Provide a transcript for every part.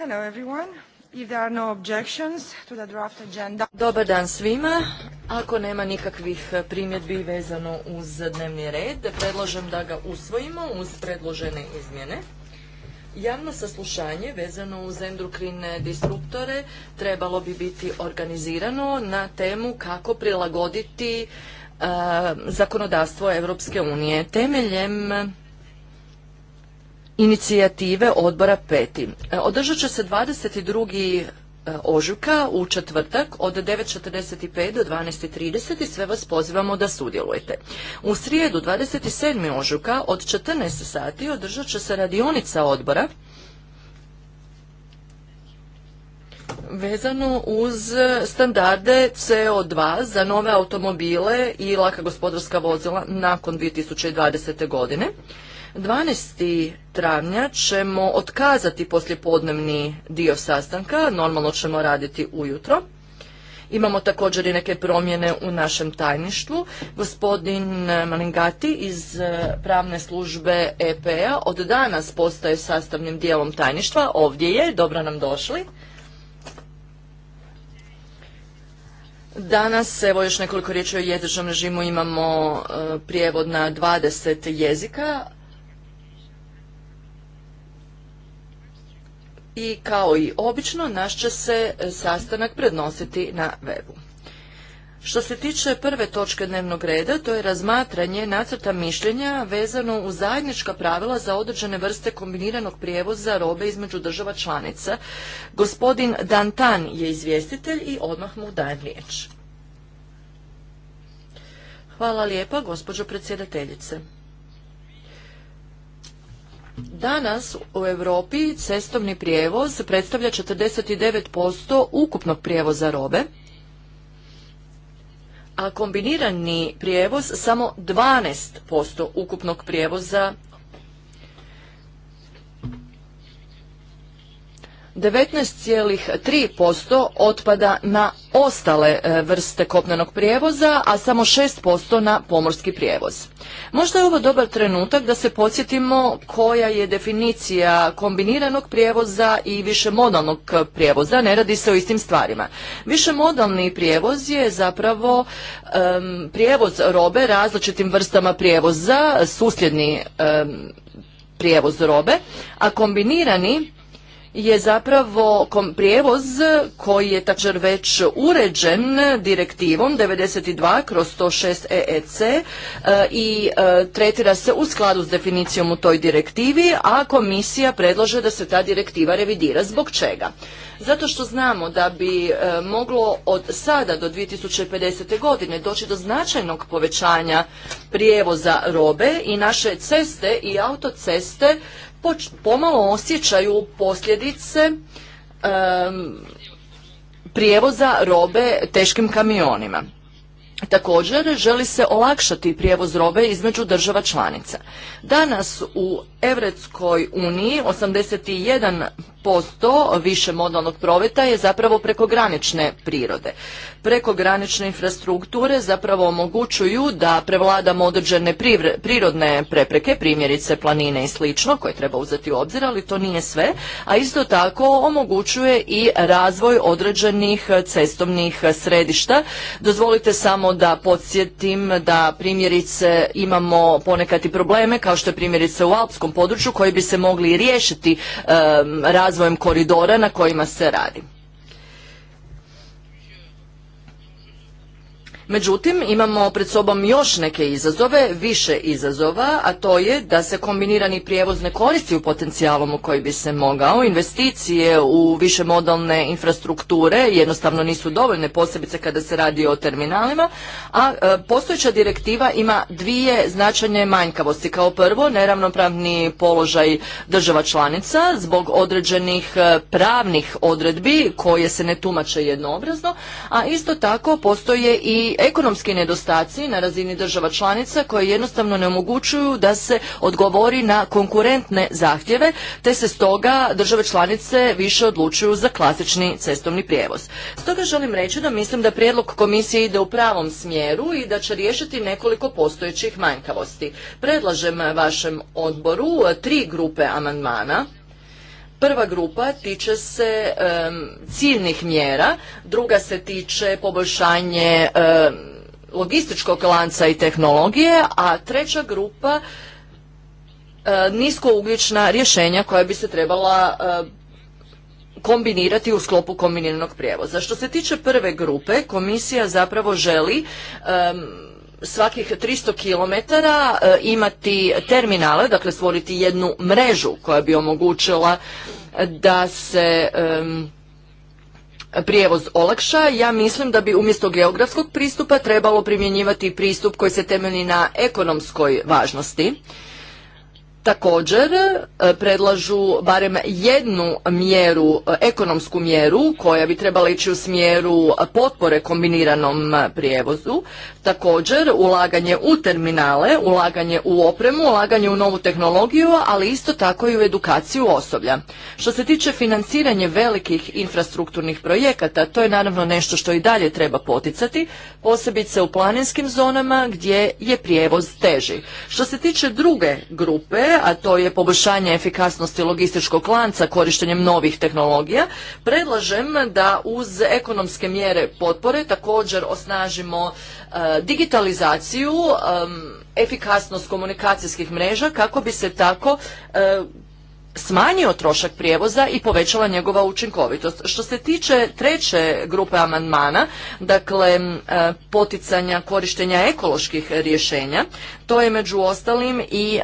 everyone. Dobar dan svima. Ako nema nikakvih primjedbi vezano uz dnevni red, predlažem da ga usvojimo uz predložene izmjene. Javno saslušanje vezano uz endokrine disruptore trebalo bi biti organizirano na temu kako prilagoditi eh, zakonodavstvo Europske unije temeljem inicijative odbora peti. E, održat će se 22 e, ožujka u četvrtak od 9.45 do 12.30 i sve vas pozivamo da sudjelujete. U srijedu 27. ožujka od 14 sati održat će se radionica odbora vezano uz standarde CO2 za nove automobile i laka gospodarska vozila nakon 2020. godine. 12. travnja ćemo otkazati poslijepodnevni dio sastanka, normalno ćemo raditi ujutro. Imamo također i neke promjene u našem tajništvu. Gospodin Malingati iz e, pravne službe EPA od danas postaje sastavnim dijelom tajništva. Ovdje je, dobro nam došli. Danas, evo još nekoliko riječi o jezičnom režimu, imamo e, prijevod na 20 jezika, i kao i obično naš će se e, sastanak prednositi na webu. Što se tiče prve točke dnevnog reda, to je razmatranje nacrta mišljenja vezano u zajednička pravila za određene vrste kombiniranog prijevoza robe između država članica. Gospodin Dantan je izvjestitelj i odmah mu dajem riječ. Hvala lijepa, gospođo predsjedateljice. Danas u Europi cestovni prijevoz predstavlja 49% ukupnog prijevoza robe, a kombinirani prijevoz samo 12% ukupnog prijevoza 19,3% otpada na ostale e, vrste kopnenog prijevoza, a samo 6% na pomorski prijevoz. Možda je ovo dobar trenutak da se podsjetimo koja je definicija kombiniranog prijevoza i višemodalnog prijevoza, ne radi se o istim stvarima. Višemodalni prijevoz je zapravo prijevoz robe različitim vrstama prijevoza, susljedni prijevoz robe, a kombinirani je zapravo prijevoz koji je također već uređen direktivom 92 kroz 106 EEC e, i e, tretira se u skladu s definicijom u toj direktivi, a komisija predlaže da se ta direktiva revidira. Zbog čega? Zato što znamo da bi e, moglo od sada do 2050. godine doći do značajnog povećanja prijevoza robe i naše ceste i autoceste pomalo osjećaju posljedice prijevoza robe teškim kamionima. Također želi se olakšati prijevoz robe između država članica. Danas u Evretskoj uniji 81% više modalnog proveta je zapravo prekogranične prirode. Prekogranične infrastrukture zapravo omogućuju da prevladamo određene prirodne prepreke, primjerice planine i slično, koje treba uzeti u obzir, ali to nije sve, a isto tako omogućuje i razvoj određenih cestovnih središta. Dozvolite samo samo da podsjetim da primjerice imamo ponekad i probleme kao što je primjerice u alpskom području koji bi se mogli riješiti razvojem koridora na kojima se radi. Međutim, imamo pred sobom još neke izazove, više izazova, a to je da se kombinirani prijevoz ne koristi u potencijalom u koji bi se mogao. Investicije u više modalne infrastrukture jednostavno nisu dovoljne, posebice kada se radi o terminalima, a e, postojeća direktiva ima dvije značajne manjkavosti. Kao prvo, neravnopravni položaj država članica zbog određenih e, pravnih odredbi koje se ne tumače jednoobrazno, a isto tako postoje i ekonomski nedostaci na razini država članica koje jednostavno ne omogućuju da se odgovori na konkurentne zahtjeve, te se stoga države članice više odlučuju za klasični cestovni prijevoz. Stoga želim reći da mislim da prijedlog komisije ide u pravom smjeru i da će riješiti nekoliko postojećih manjkavosti. Predlažem vašem odboru tri grupe amandmana Prva grupa tiče se ciljnih mjera, druga se tiče poboljšanje logističkog lanca i tehnologije, a treća grupa nisko e, niskougljična rješenja koja bi se trebala e, kombinirati u sklopu kombiniranog prijevoza. Što se tiče prve grupe, komisija zapravo želi svakih 300 km e, imati terminale, dakle stvoriti jednu mrežu koja bi omogućila da se prijevoz olakša, ja mislim da bi umjesto geografskog pristupa trebalo primjenjivati pristup koji se temelji na ekonomskoj važnosti Također e, predlažu barem jednu mjeru, e, ekonomsku mjeru koja bi trebala ići u smjeru potpore kombiniranom prijevozu. Također ulaganje u terminale, ulaganje u opremu, ulaganje u novu tehnologiju, ali isto tako i u edukaciju osoblja. Što se tiče financiranje velikih infrastrukturnih projekata, to je naravno nešto što i dalje treba poticati, posebice u planinskim zonama gdje je prijevoz teži. Što se tiče druge grupe, a to je poboljšanje efikasnosti logističkog lanca korištenjem novih tehnologija, predlažem da uz ekonomske mjere potpore također osnažimo e, digitalizaciju, efikasnost komunikacijskih mreža kako bi se tako e, smanjio trošak prijevoza i povećala njegova učinkovitost. Što se tiče treće grupe amandmana, dakle e, poticanja korištenja ekoloških rješenja, to je među ostalim i e,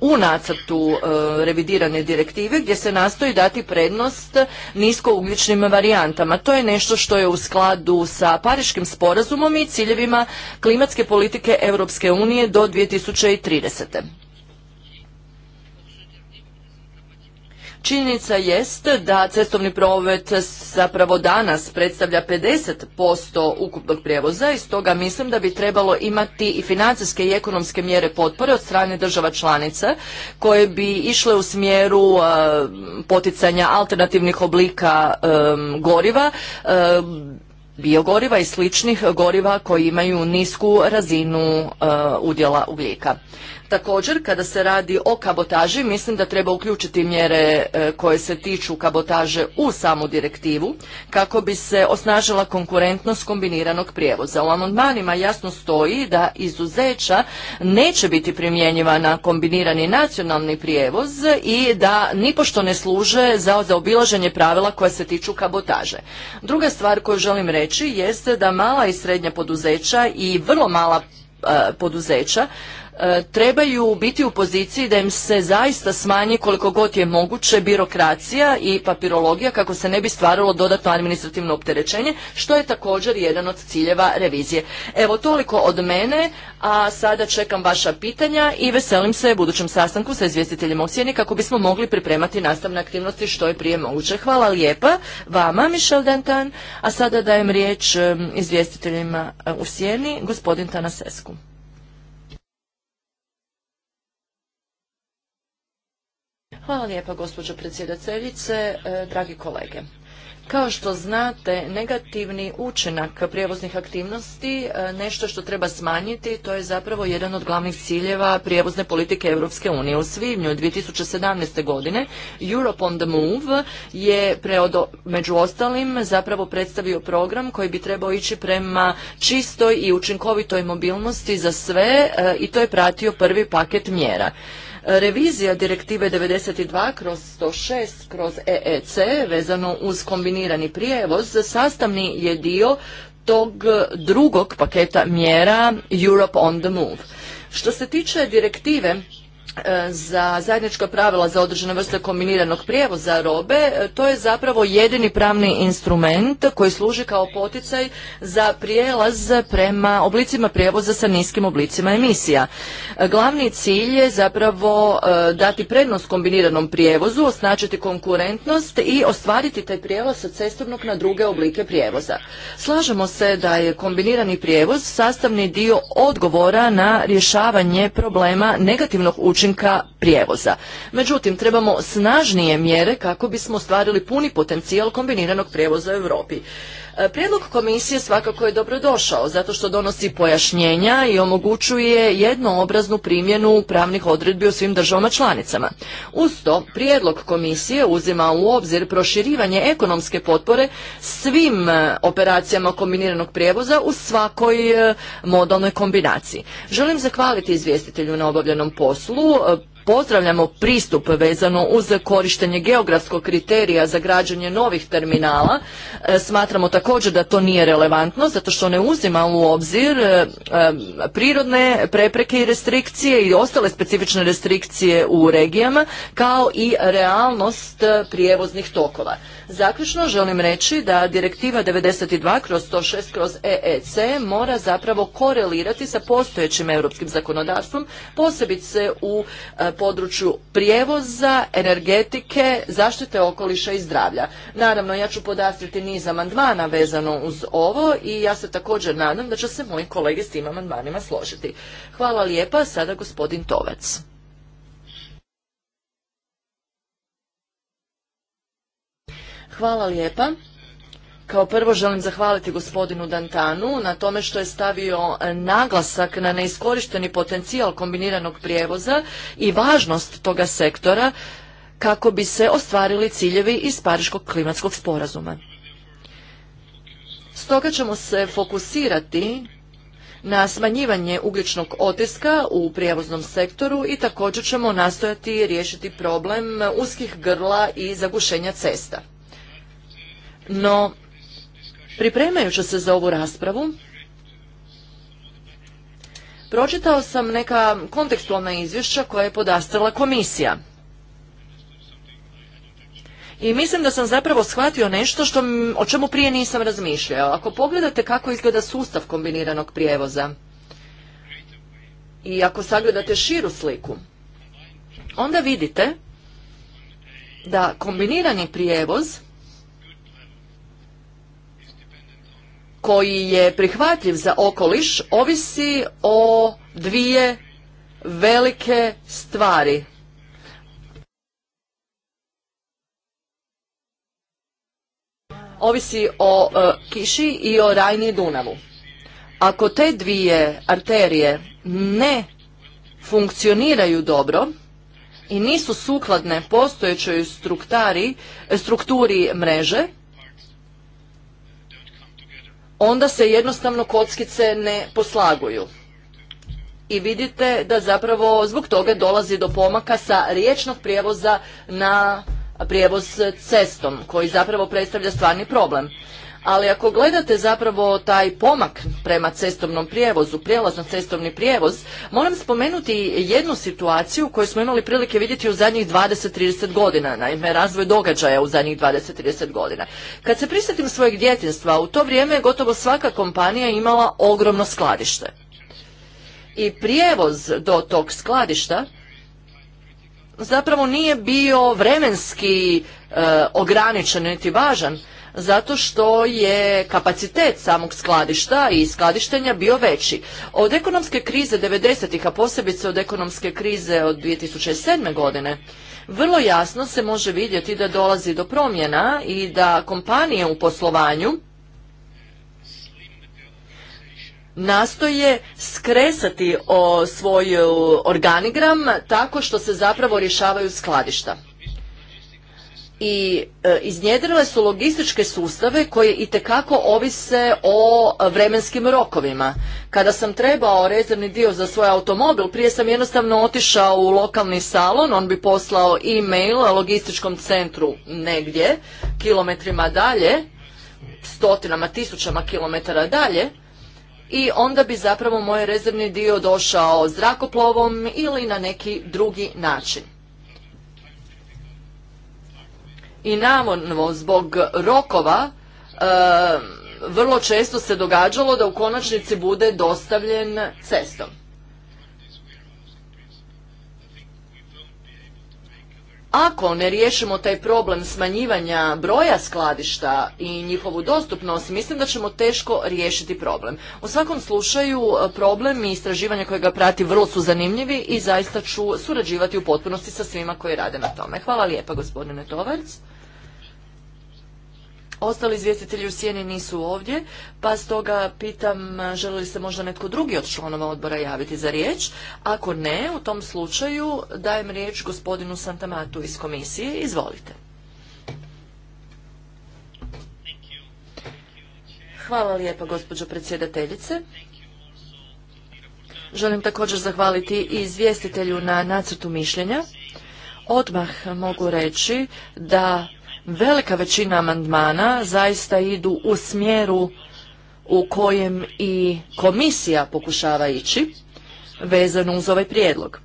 u nacrtu e, revidirane direktive gdje se nastoji dati prednost niskougljičnim varijantama. To je nešto što je u skladu sa Pariškim sporazumom i ciljevima klimatske politike Europske unije do 2030. Činjenica jest da cestovni promet zapravo danas predstavlja 50% ukupnog prijevoza i stoga mislim da bi trebalo imati i financijske i ekonomske mjere potpore od strane država članica koje bi išle u smjeru e, poticanja alternativnih oblika e, goriva, e, biogoriva i sličnih goriva koji imaju nisku razinu udjela ugljika. Također, kada se radi o kabotaži, mislim da treba uključiti mjere e, koje se tiču kabotaže u samu direktivu, kako bi se osnažila konkurentnost kombiniranog prijevoza. U amandmanima jasno stoji da izuzeća neće biti primjenjiva na kombinirani nacionalni prijevoz i da nipošto ne služe za zaobilaženje pravila koja se tiču kabotaže. Druga stvar koju želim reći jeste da mala i srednja poduzeća i vrlo mala e, poduzeća E, trebaju biti u poziciji da im se zaista smanji koliko god je moguće birokracija i papirologija kako se ne bi stvaralo dodatno administrativno opterećenje, što je također jedan od ciljeva revizije. Evo toliko od mene, a sada čekam vaša pitanja i veselim se budućem sastanku sa izvjestiteljima u Sjeni kako bismo mogli pripremati nastavne aktivnosti što je prije moguće. Hvala lijepa vama, Michel Dantan, a sada dajem riječ izvjestiteljima e, u Sjeni, gospodin Tanasescu. Hvala lijepa gospođo predsjedateljice, e, dragi kolege. Kao što znate, negativni učinak prijevoznih aktivnosti, e, nešto što treba smanjiti, to je zapravo jedan od glavnih ciljeva prijevozne politike Europske unije. U svibnju 2017. godine Europe on the Move je među ostalim zapravo predstavio program koji bi trebao ići prema čistoj i učinkovitoj mobilnosti za sve e, i to je pratio prvi paket mjera. Revizija direktive 92 kroz 106 kroz EEC vezano uz kombinirani prijevoz sastavni je dio tog drugog paketa mjera Europe on the Move. Što se tiče direktive E, za zajednička pravila za određene vrste kombiniranog prijevoza robe, e, to je zapravo jedini pravni instrument koji služi kao poticaj za prijelaz prema oblicima prijevoza sa niskim oblicima emisija. E, glavni cilj je zapravo dati prednost kombiniranom prijevozu, osnačiti konkurentnost i ostvariti taj prijevoz sa cestovnog na druge oblike prijevoza. Slažemo se da je kombinirani prijevoz sastavni dio odgovora na rješavanje problema negativnog učinja učinka prijevoza. Međutim, trebamo snažnije mjere kako bismo ostvarili puni potencijal kombiniranog prijevoza u Europi. E, prijedlog komisije svakako je dobrodošao zato što donosi pojašnjenja i omogućuje jednoobraznu primjenu pravnih odredbi u svim državama članicama. Uz to, prijedlog komisije uzima u obzir proširivanje ekonomske potpore svim e, operacijama kombiniranog prijevoza u svakoj e, modalnoj kombinaciji. Želim zahvaliti izvjestitelju na obavljenom poslu, Pozdravljamo pristup vezano uz korištenje geografskog kriterija za građenje novih terminala. E, smatramo također da to nije relevantno zato što ne uzima u obzir e, e, prirodne prepreke i restrikcije i ostale specifične restrikcije u regijama kao i realnost prijevoznih tokova. Zaključno želim reći da direktiva 92 kroz 106 kroz EEC mora zapravo korelirati sa postojećim europskim zakonodavstvom, posebice u području prijevoza, energetike, zaštite okoliša i zdravlja. Naravno, ja ću podastriti niz amandmana vezano uz ovo i ja se također nadam da će se moji kolege s tim amandmanima složiti. Hvala lijepa, sada gospodin Tovac. Hvala lijepa. Kao prvo želim zahvaliti gospodinu Dantanu na tome što je stavio e, naglasak na neiskorišteni potencijal kombiniranog prijevoza i važnost toga sektora kako bi se ostvarili ciljevi iz Pariškog klimatskog sporazuma. Stoga ćemo se fokusirati na smanjivanje ugljičnog otiska u prijevoznom sektoru i također ćemo nastojati riješiti problem uskih grla i zagušenja cesta. No, Pripremajući se za ovu raspravu, pročitao sam neka kontekstualna izvješća koja je podastrala komisija. I mislim da sam zapravo shvatio nešto što, o čemu prije nisam razmišljao. Ako pogledate kako izgleda sustav kombiniranog prijevoza i ako sagledate širu sliku, onda vidite da kombinirani prijevoz koji je prihvatljiv za okoliš ovisi o dvije velike stvari. Ovisi o e, kiši i o Rajni Dunavu. Ako te dvije arterije ne funkcioniraju dobro i nisu sukladne postojećoj strukturi mreže, onda se jednostavno kockice ne poslaguju. I vidite da zapravo zbog toga dolazi do pomaka sa riječnog prijevoza na prijevoz cestom, koji zapravo predstavlja stvarni problem ali ako gledate zapravo taj pomak prema cestovnom prijevozu, prijelaz na cestovni prijevoz, moram spomenuti jednu situaciju koju smo imali prilike vidjeti u zadnjih 20-30 godina, naime razvoj događaja u zadnjih 20-30 godina. Kad se prisjetim svojeg djetinstva, u to vrijeme je gotovo svaka kompanija imala ogromno skladište. I prijevoz do tog skladišta zapravo nije bio vremenski e, ograničen niti važan, zato što je kapacitet samog skladišta i skladištenja bio veći. Od ekonomske krize 90-ih, a posebice od ekonomske krize od 2007. godine, vrlo jasno se može vidjeti da dolazi do promjena i da kompanije u poslovanju nastoje skresati o svoj organigram tako što se zapravo rješavaju skladišta i e, iznjedrile su logističke sustave koji itekako ovise o vremenskim rokovima. Kada sam trebao rezervni dio za svoj automobil, prije sam jednostavno otišao u lokalni salon, on bi poslao e-mail logističkom centru negdje, kilometrima dalje, stotinama, tisućama kilometara dalje, i onda bi zapravo moj rezervni dio došao zrakoplovom ili na neki drugi način. i navodno zbog rokova e, vrlo često se događalo da u konačnici bude dostavljen cestom. Ako ne riješimo taj problem smanjivanja broja skladišta i njihovu dostupnost, mislim da ćemo teško riješiti problem. U svakom slučaju, e, problem i istraživanja koje ga prati vrlo su zanimljivi i zaista ću surađivati u potpunosti sa svima koji rade na tome. Hvala lijepa, gospodine Tovarc. Ostali izvjestitelji u sjeni nisu ovdje, pa stoga pitam želi li se možda netko drugi od članova odbora javiti za riječ. Ako ne, u tom slučaju dajem riječ gospodinu Santamatu iz komisije. Izvolite. Hvala lijepa gospođo predsjedateljice. Želim također zahvaliti i izvjestitelju na nacrtu mišljenja. Odmah mogu reći da Velika većina amandmana zaista idu u smjeru u kojem i komisija pokušava ići vezano uz ovaj prijedlog.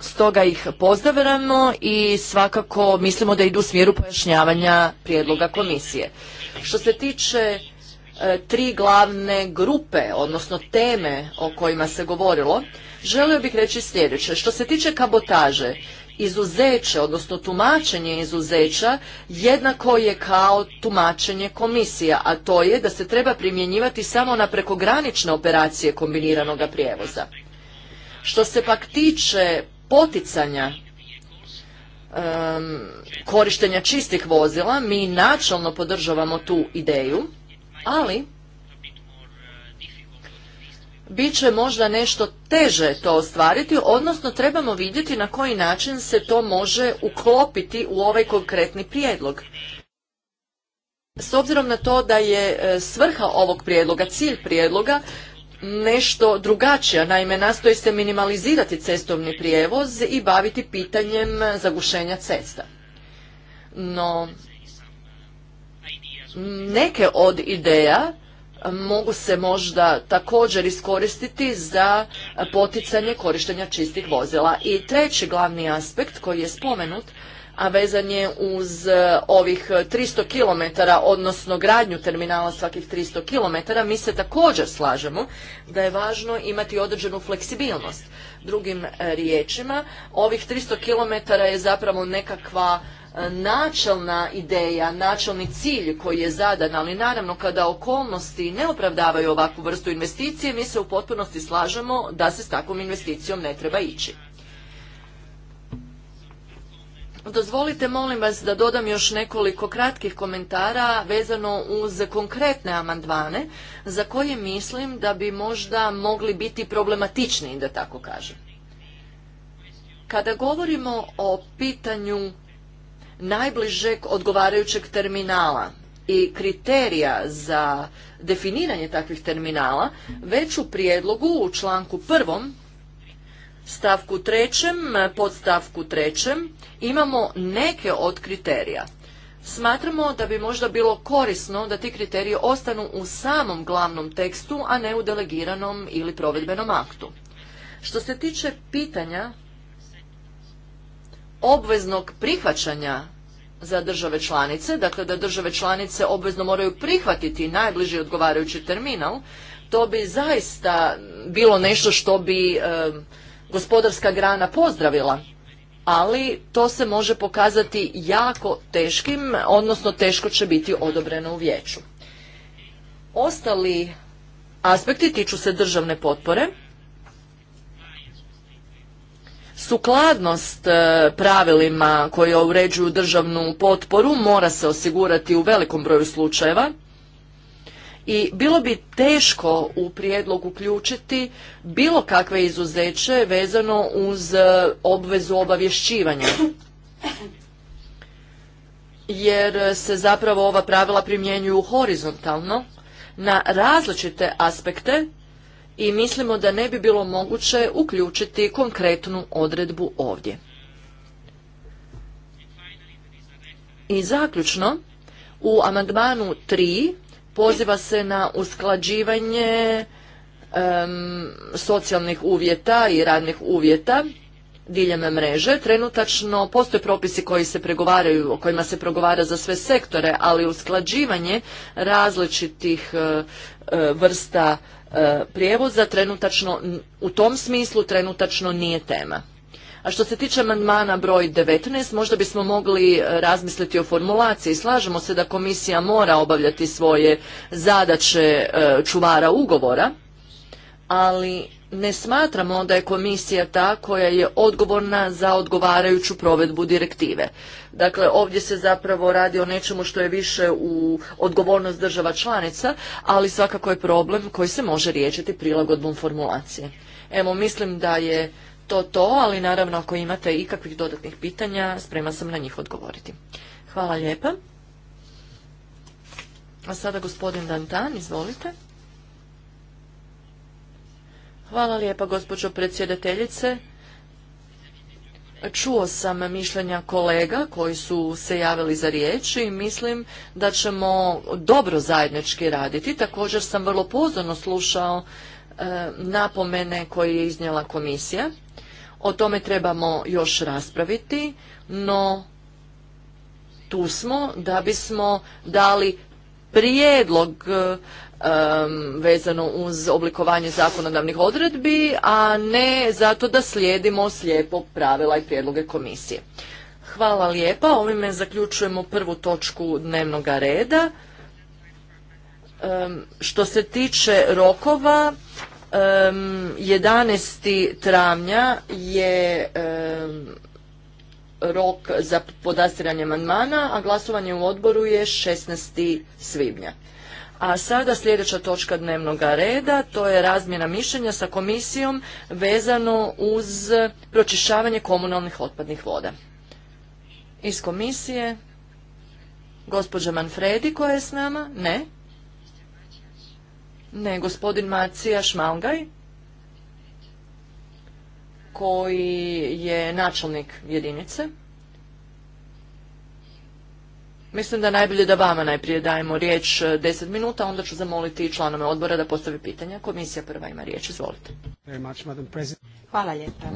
Stoga ih pozdravljamo i svakako mislimo da idu u smjeru pojašnjavanja prijedloga komisije. Što se tiče e, tri glavne grupe, odnosno teme o kojima se govorilo, želio bih reći sljedeće. Što se tiče kabotaže, izuzeće, odnosno tumačenje izuzeća jednako je kao tumačenje komisija, a to je da se treba primjenjivati samo na prekogranične operacije kombiniranog prijevoza. Što se pak tiče poticanja korištenja čistih vozila, mi načalno podržavamo tu ideju, ali bit će možda nešto teže to ostvariti, odnosno trebamo vidjeti na koji način se to može uklopiti u ovaj konkretni prijedlog. S obzirom na to da je e, svrha ovog prijedloga, cilj prijedloga, nešto drugačija. Naime, nastoji se minimalizirati cestovni prijevoz i baviti pitanjem zagušenja cesta. No, neke od ideja mogu se možda također iskoristiti za poticanje korištenja čistih vozila. I treći glavni aspekt koji je spomenut a vezan je uz e, ovih 300 e, km, odnosno gradnju terminala svakih 300 km, mi se također slažemo da je važno imati određenu fleksibilnost. Drugim e, riječima, ovih 300 km je zapravo nekakva načelna ideja, načelni cilj koji je zadan, ali naravno kada okolnosti ne opravdavaju ovakvu vrstu investicije, mi se u potpunosti slažemo da se s takvom investicijom ne treba ići. Dozvolite molim vas da dodam još nekoliko kratkih komentara vezano uz konkretne amandmane za koje mislim da bi možda mogli biti problematični, da tako kažem. Kada govorimo o pitanju najbližeg odgovarajućeg terminala i kriterija za definiranje takvih terminala, već u prijedlogu u članku prvom stavku trećem, pod stavku trećem, imamo neke od kriterija. Smatramo da bi možda bilo korisno da ti kriteriji ostanu u samom glavnom tekstu, a ne u delegiranom ili provedbenom aktu. Što se tiče pitanja obveznog prihvaćanja za države članice, dakle da države članice obvezno moraju prihvatiti najbliži odgovarajući terminal, to bi zaista bilo nešto što bi gospodarska grana pozdravila, ali to se može pokazati jako teškim, odnosno teško će biti odobreno u vijeću. Ostali aspekti tiču se državne potpore, Sukladnost e, pravilima koje uređuju državnu potporu mora se osigurati u velikom broju slučajeva i bilo bi teško u prijedlog uključiti bilo kakve izuzeće vezano uz e, obvezu obavješćivanja. Jer se zapravo ova pravila primjenjuju horizontalno na različite aspekte i mislimo da ne bi bilo moguće uključiti konkretnu odredbu ovdje. I zaključno, u amandmanu 3 poziva se na usklađivanje socijalnih uvjeta i radnih uvjeta diljem mreže. Trenutačno postoje propisi koji se pregovaraju, o kojima se pregovara za sve sektore, ali usklađivanje različitih eh, eh, vrsta eh, prijevoza trenutačno u tom smislu trenutačno nije tema. A što se tiče amandmana broj 19, možda bismo mogli e, razmisliti o formulaciji. Slažemo se da komisija mora obavljati svoje zadaće e, čuvara ugovora, ali ne smatramo da je komisija ta koja je odgovorna za odgovarajuću provedbu direktive. Dakle, ovdje se zapravo radi o nečemu što je više u odgovornost država članica, ali svakako je problem koji se može riješiti prilagodbom formulacije. Evo, mislim da je to to, ali naravno ako imate ikakvih dodatnih pitanja, sprema sam na njih odgovoriti. Hvala lijepa. A sada gospodin Dantan, izvolite. Hvala lijepa gospođo predsjedateljice. Čuo sam mišljenja kolega koji su se javili za riječ i mislim da ćemo dobro zajednički raditi. Također sam vrlo pozorno slušao e, napomene koje je iznijela komisija. O tome trebamo još raspraviti, no tu smo da bismo dali prijedlog vezano uz oblikovanje zakonodavnih odredbi, a ne zato da slijedimo slijepo pravila i prijedloge komisije. Hvala lijepa, ovime zaključujemo prvu točku dnevnog reda. što se tiče rokova, 11. travnja je rok za podastiranje amandmana, a glasovanje u odboru je 16. svibnja. A sada sljedeća točka dnevnog reda, to je razmjena mišljenja sa komisijom vezano uz pročišćavanje komunalnih otpadnih voda. Iz komisije, gospođa Manfredi koja je s nama, ne, ne, gospodin Macija šmangaj koji je načelnik jedinice. Mislim da je najbolje da vama najprije dajemo riječ 10 e, minuta, onda ću zamoliti i članove odbora da postavi pitanja. Komisija prva ima riječ, izvolite. Hvala lijepa.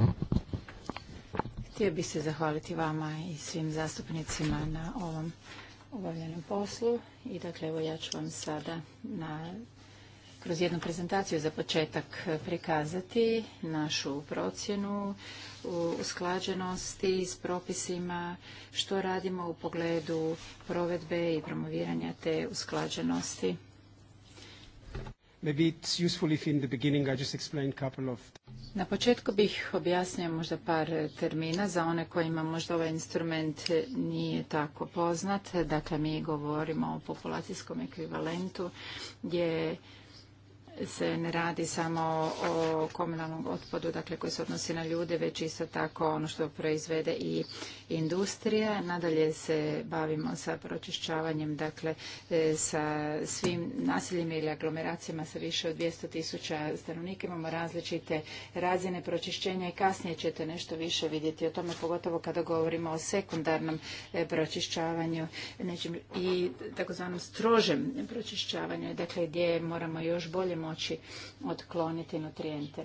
Htio bih se zahvaliti vama i svim zastupnicima na ovom obavljenom poslu i dakle evo ja ću vam sada na kroz jednu prezentaciju za početak e, prikazati našu procjenu usklađenosti s propisima, što radimo u pogledu provedbe i promoviranja te usklađenosti. Maybe it's useful if in the beginning I just explain couple of... Na početku bih objasnio možda par termina za one kojima možda ovaj instrument nije tako poznat. Dakle, mi govorimo o populacijskom ekvivalentu gdje se ne radi samo o komunalnom otpadu, dakle koji se odnosi na ljude, već isto tako ono što proizvede i industrija. Nadalje se bavimo sa pročišćavanjem, dakle, e, sa svim nasiljima ili aglomeracijama sa više od 200 tisuća stanovnika. Imamo različite razine pročišćenja i kasnije ćete nešto više vidjeti o tome, pogotovo kada govorimo o sekundarnom e, pročišćavanju i takozvanom strožem pročišćavanju, dakle, gdje moramo još bolje moći otkloniti nutrijente.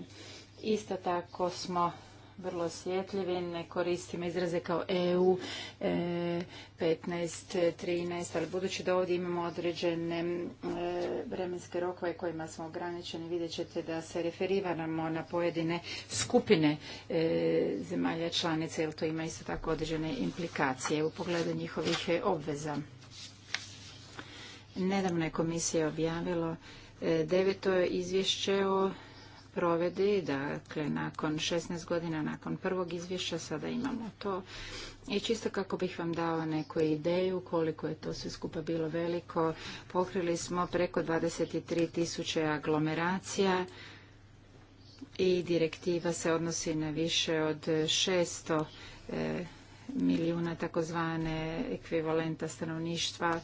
Isto tako smo vrlo osjetljivi, ne koristimo izraze kao EU, 15, 13, ali budući da ovdje imamo određene e, vremenske rokove kojima smo ograničeni, vidjet ćete da se referiramo na pojedine skupine e, zemalja članica, jer to ima isto tako određene implikacije u pogledu njihovih obveza. Nedavno je komisija objavilo e, deveto izvješće o da dakle nakon 16 godina, nakon prvog izvješća, sada imamo to. I čisto kako bih vam dao neku ideju koliko je to sve skupa bilo veliko, pokrili smo preko 23 tisuće aglomeracija i direktiva se odnosi na više od 600 e, milijuna takozvane ekvivalenta stanovništva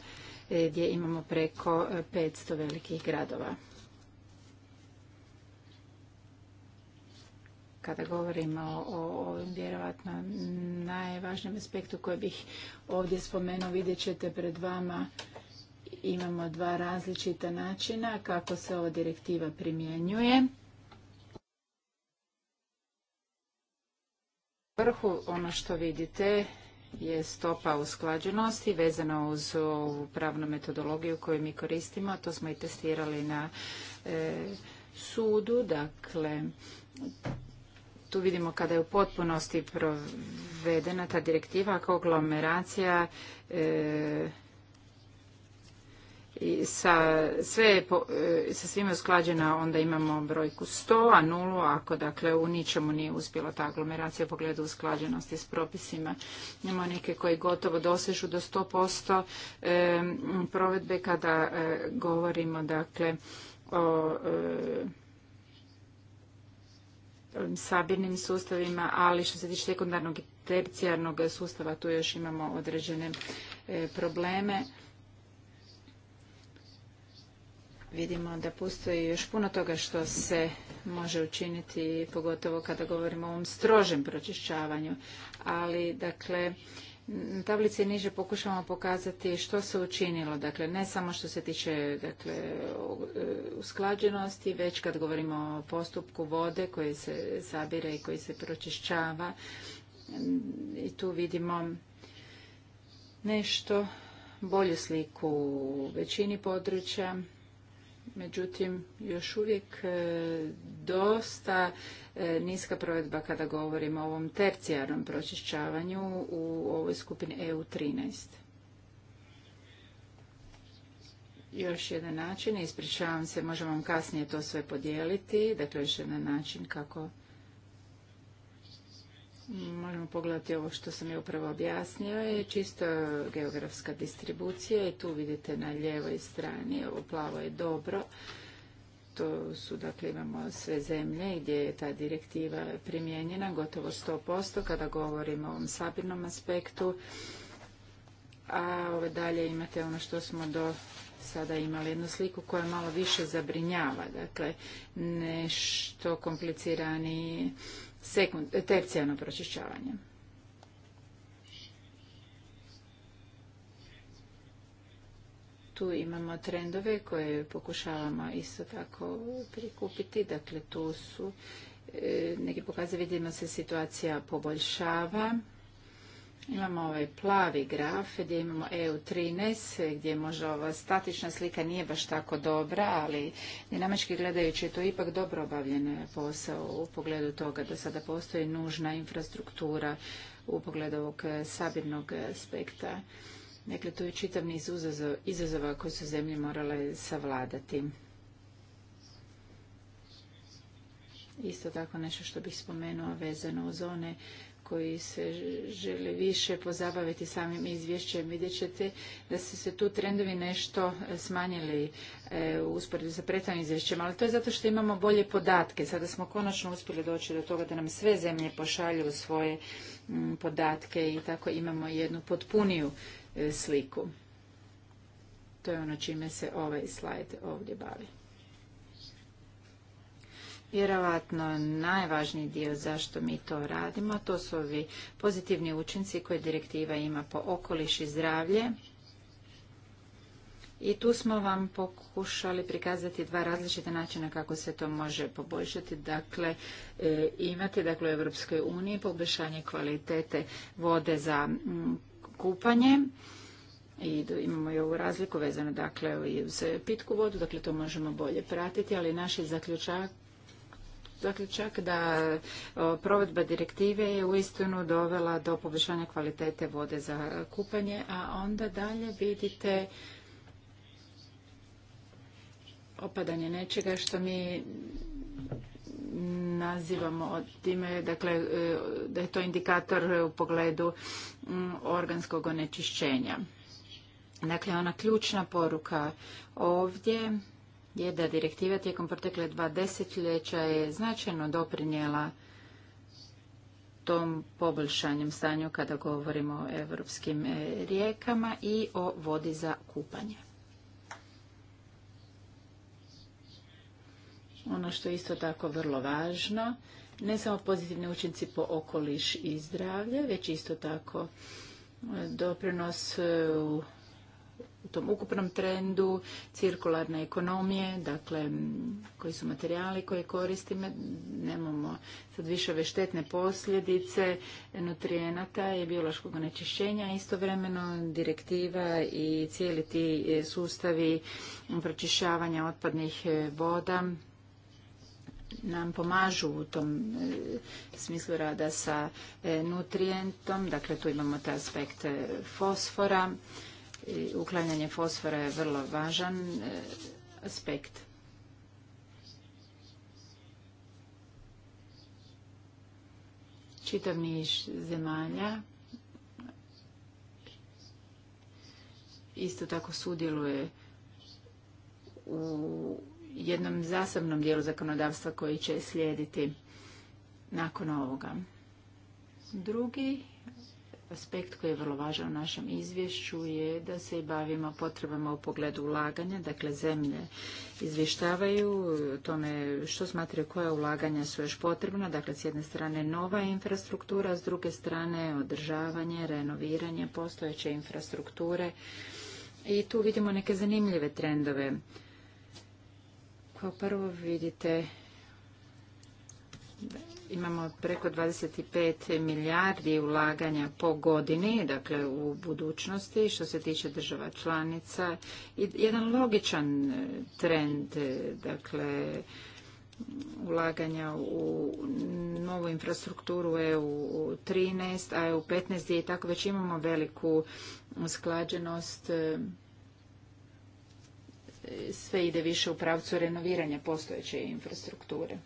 e, gdje imamo preko 500 e, velikih gradova. kada govorimo o ovom vjerojatno najvažnijem aspektu koji bih ovdje spomenuo, vidjet ćete pred vama imamo dva različita načina kako se ova direktiva primjenjuje. U vrhu ono što vidite je stopa usklađenosti vezana uz ovu pravnu metodologiju koju mi koristimo, to smo i testirali na e, sudu. Dakle, tu vidimo kada je u potpunosti provedena ta direktiva kao aglomeracija e, i sa, sve po, e, sa svime usklađena onda imamo brojku 100, a nulu ako dakle u ničemu nije uspjela ta aglomeracija u pogledu usklađenosti s propisima. Imamo neke koji gotovo dosežu do 100% e, provedbe kada govorimo dakle o sabirnim sustavima, ali što se tiče sekundarnog i tercijarnog sustava tu još imamo određene e, probleme. Vidimo da postoji još puno toga što se može učiniti, pogotovo kada govorimo o ovom strožem pročišćavanju. Ali, dakle, na mm, tablici niže pokušavamo pokazati što se učinilo, dakle ne samo što se tiče dakle, e, usklađenosti, već kad govorimo o postupku vode koji se zabira i koji se pročišćava mm, i tu vidimo nešto bolju sliku u većini područja, međutim još uvijek e, dosta E, niska provedba kada govorimo o ovom tercijarnom pročišćavanju u ovoj skupini EU13. Još jedan način, ispričavam se, možemo vam kasnije to sve podijeliti, dakle još jedan način kako možemo pogledati ovo što sam je upravo objasnio, je čisto geografska distribucija i tu vidite na lijevoj strani, ovo plavo je dobro, to su, dakle, imamo sve zemlje gdje je ta direktiva primijenjena, gotovo 100%, kada govorimo o ovom sabirnom aspektu. A ove dalje imate ono što smo do sada imali jednu sliku koja malo više zabrinjava, dakle, nešto kompliciraniji tercijano pročišćavanje. tu imamo trendove koje pokušavamo isto tako prikupiti. Dakle, tu su e, neki pokazatelji vidimo se situacija poboljšava. Imamo ovaj plavi graf gdje imamo EU13 gdje možda ova statična slika nije baš tako dobra, ali dinamički gledajući je to ipak dobro obavljen posao u pogledu toga da sada postoji nužna infrastruktura u pogledu ovog sabirnog aspekta. Dakle, tu je čitav niz izazova koje su zemlje morale savladati. Isto tako nešto što bih spomenuo vezano uz one koji se žele više pozabaviti samim izvješćem, vidjet ćete da su se tu trendovi nešto smanjili e, u usporedbi sa prethodnim izvješćem, ali to je zato što imamo bolje podatke. Sada smo konačno uspjeli doći do toga da nam sve zemlje pošalju svoje podatke i tako imamo jednu potpuniju E, sliku. To je ono čime se ovaj slajd ovdje bavi. Vjerovatno najvažniji dio zašto mi to radimo, to su ovi pozitivni učinci koje direktiva ima po okoliš i zdravlje. I tu smo vam pokušali prikazati dva različite načina kako se to može poboljšati. Dakle, e, imate dakle, u Europskoj uniji poboljšanje kvalitete vode za kupanje i imamo i ovu razliku vezano dakle i uz pitku vodu, dakle to možemo bolje pratiti, ali naš je zaključak zaključak da provedba direktive je uistinu dovela do poboljšanja kvalitete vode za kupanje, a onda dalje vidite opadanje nečega što mi nazivamo time, dakle, e, da je to indikator u pogledu organskog onečišćenja. Dakle, ona ključna poruka ovdje je da direktiva tijekom protekle dva desetljeća je značajno doprinijela tom poboljšanjem stanju kada govorimo o europskim e, rijekama i o vodi za kupanje. Ono što je isto tako vrlo važno, ne samo pozitivni učinci po okoliš i zdravlje, već isto tako e, doprinos u e, u tom ukupnom trendu cirkularne ekonomije, dakle koji su materijali koje koristimo, nemamo sad više ove štetne posljedice nutrijenata i biološkog onečišćenja, istovremeno direktiva i cijeli ti e, sustavi pročišćavanja otpadnih voda nam pomažu u tom e, smislu rada sa e, nutrijentom. Dakle, tu imamo te aspekt e, fosfora. Uklanjanje fosfora je vrlo važan aspekt. Čitav niš zemalja isto tako sudjeluje u jednom zasebnom dijelu zakonodavstva koji će slijediti nakon ovoga. Drugi aspekt koji je vrlo važan u našem izvješću je da se i bavimo potrebama u pogledu ulaganja. Dakle, zemlje izvještavaju tome što smatraju koja ulaganja su još potrebna. Dakle, s jedne strane nova infrastruktura, s druge strane održavanje, renoviranje postojeće infrastrukture. I tu vidimo neke zanimljive trendove kao prvo vidite imamo preko 25 milijardi ulaganja po godini, dakle u budućnosti što se tiče država članica i jedan logičan trend, dakle ulaganja u novu infrastrukturu EU 13, a EU 15 i tako već imamo veliku usklađenost sve ide više u pravcu renoviranja postojeće infrastrukture.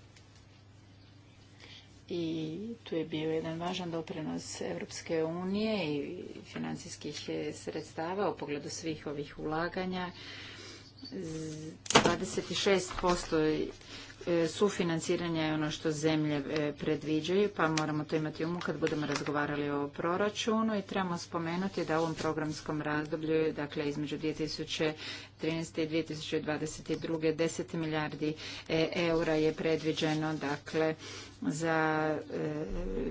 I tu je bio jedan važan doprinos Evropske unije i financijskih sredstava u pogledu svih ovih ulaganja. 26% E, sufinanciranje je ono što zemlje e, predviđaju, pa moramo to imati umu kad budemo razgovarali o proračunu i trebamo spomenuti da u ovom programskom razdoblju, dakle između 2013. i 2022. 10 milijardi e, eura je predviđeno, dakle, za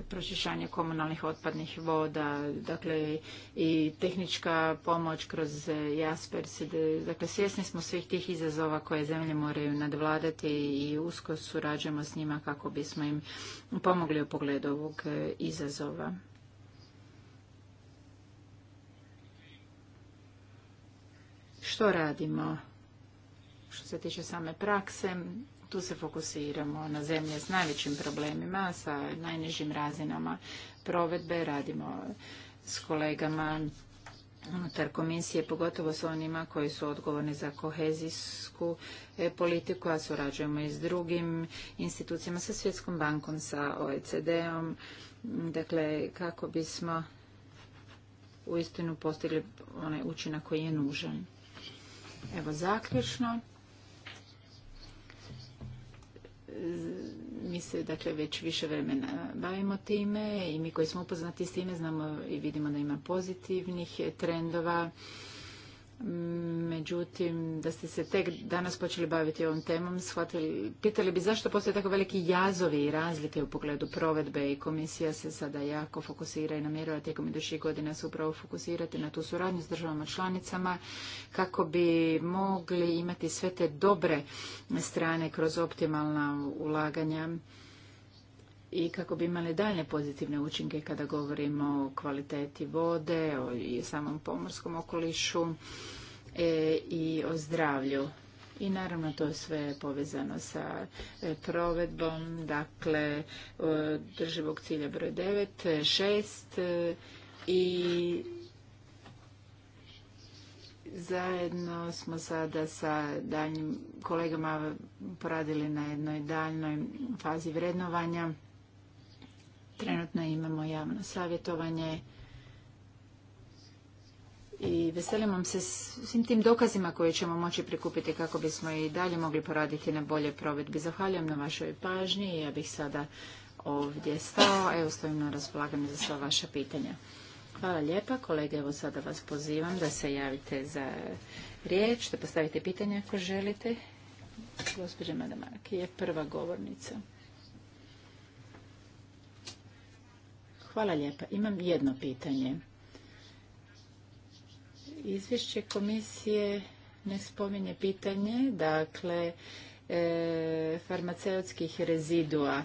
pročišćanje komunalnih otpadnih voda, dakle i tehnička pomoć kroz Jaspers. Dakle, svjesni smo svih tih izazova koje zemlje moraju nadvladati i usko surađujemo s njima kako bismo im pomogli u pogledu ovog e, izazova. Što radimo? Što se tiče same prakse, tu se fokusiramo na zemlje s najvećim problemima, sa najnižim razinama provedbe, radimo s kolegama unutar komisije, pogotovo s onima koji su odgovorni za kohezijsku e, politiku, a surađujemo i s drugim institucijama, sa Svjetskom bankom, sa OECD-om, dakle kako bismo uistinu postigli onaj učinak koji je nužan. Evo zaključno mi se dakle već više vremena bavimo time i mi koji smo upoznati s time znamo i vidimo da ima pozitivnih trendova Međutim, da ste se tek danas počeli baviti ovom temom, shvatili, pitali bi zašto postoje tako veliki jazovi i razlike u pogledu provedbe i komisija se sada jako fokusira i namjerava tijekom idućih godina se upravo fokusirati na tu suradnju s državama članicama kako bi mogli imati sve te dobre strane kroz optimalna ulaganja i kako bi imali dalje pozitivne učinke kada govorimo o kvaliteti vode, o i samom pomorskom okolišu e, i o zdravlju. I naravno to je sve povezano sa e, provedbom, dakle, drživog cilja broj 9, 6 e, e, i zajedno smo sada sa daljnjim kolegama poradili na jednoj daljnoj fazi vrednovanja Trenutno imamo javno savjetovanje i vam se svim tim dokazima koje ćemo moći prikupiti kako bismo i dalje mogli poraditi na bolje provedbi. Zahvaljujem na vašoj pažnji i ja bih sada ovdje stao. Evo stojim na raspolaganju za sva vaša pitanja. Hvala lijepa. Kolege, evo sada vas pozivam da se javite za riječ, da postavite pitanje ako želite. Gospođa Madamarki je prva govornica. Hvala lijepa. Imam jedno pitanje. Izvješće komisije ne spominje pitanje, dakle, e, farmaceutskih rezidua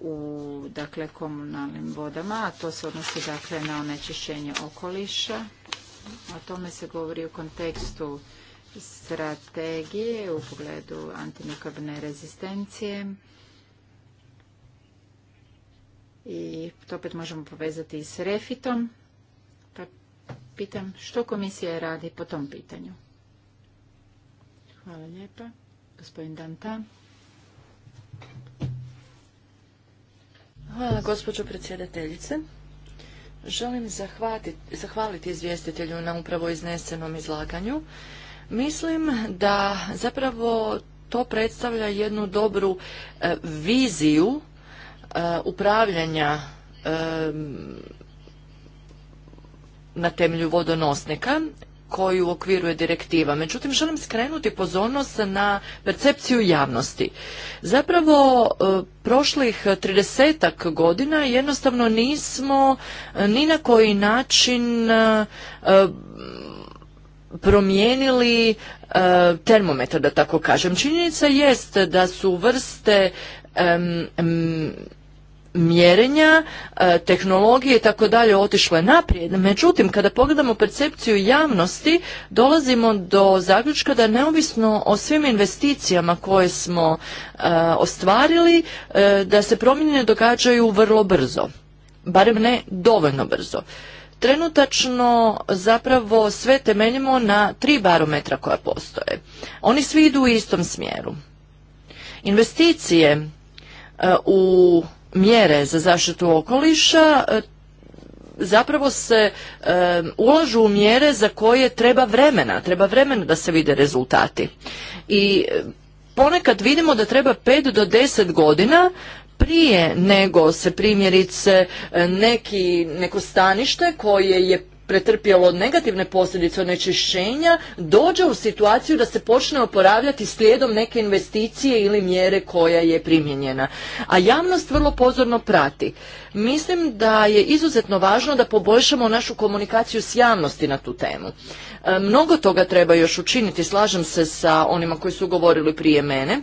u dakle, komunalnim vodama, a to se odnosi dakle, na onečišćenje okoliša. O tome se govori u kontekstu strategije u pogledu antimikrobne rezistencije i to opet možemo povezati s refitom. Pa pitam što komisija radi po tom pitanju. Hvala lijepa. Gospodin Danta. Hvala gospođo predsjedateljice. Želim zahvaliti izvjestitelju na upravo iznesenom izlaganju. Mislim da zapravo to predstavlja jednu dobru e, viziju E, upravljanja e, na temelju vodonosnika koju okviruje direktiva. Međutim, želim skrenuti pozornost na percepciju javnosti. Zapravo, e, prošlih 30 godina jednostavno nismo ni na koji način promijenili termometar, da tako kažem. Činjenica jest da su vrste mjerenja, e, tehnologije i tako dalje otišle naprijed. Međutim, kada pogledamo percepciju javnosti, dolazimo do zaključka da neovisno o svim investicijama koje smo e, ostvarili, e, da se promjene događaju vrlo brzo. Barem ne dovoljno brzo. Trenutačno zapravo sve temeljimo na tri barometra koja postoje. Oni svi idu u istom smjeru. Investicije u mjere za zaštitu okoliša e, zapravo se e, ulažu u mjere za koje treba vremena, treba vremena da se vide rezultati. I e, ponekad vidimo da treba 5 do 10 godina prije nego se primjerice neki, neko stanište koje je pretrpjelo negativne posljedice onečišćenja dođe u situaciju da se počne oporavljati slijedom neke investicije ili mjere koja je primijenjena. A javnost vrlo pozorno prati. Mislim da je izuzetno važno da poboljšamo našu komunikaciju s javnosti na tu temu. E, mnogo toga treba još učiniti, slažem se sa onima koji su govorili prije mene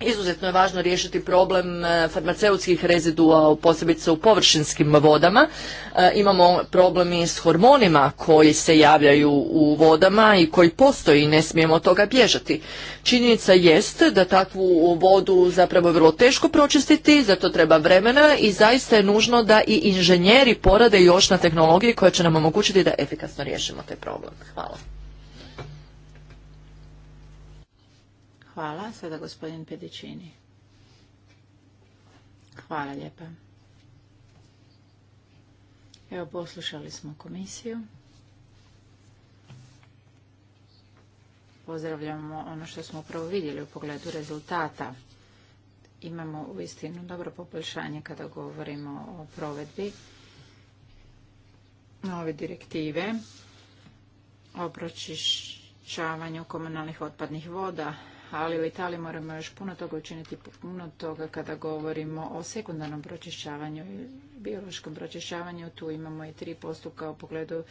Izuzetno je važno riješiti problem e, farmaceutskih rezidua, posebice u površinskim vodama. E, imamo problem i s hormonima koji se javljaju u vodama i koji postoji i ne smijemo toga bježati. Činjenica jest da takvu vodu zapravo je vrlo teško pročistiti, zato treba vremena i zaista je nužno da i inženjeri porade još na tehnologiji koja će nam omogućiti da efikasno riješimo taj problem. Hvala. Hvala. Sada gospodin Pedicini. Hvala lijepa. Evo, poslušali smo komisiju. Pozdravljamo ono što smo upravo vidjeli u pogledu rezultata. Imamo u istinu dobro poboljšanje kada govorimo o provedbi nove direktive o pročišćavanju komunalnih otpadnih voda ali u Italiji moramo još puno toga učiniti, puno toga kada govorimo o sekundarnom pročišćavanju i biološkom pročišćavanju. Tu imamo i tri postupka u pogledu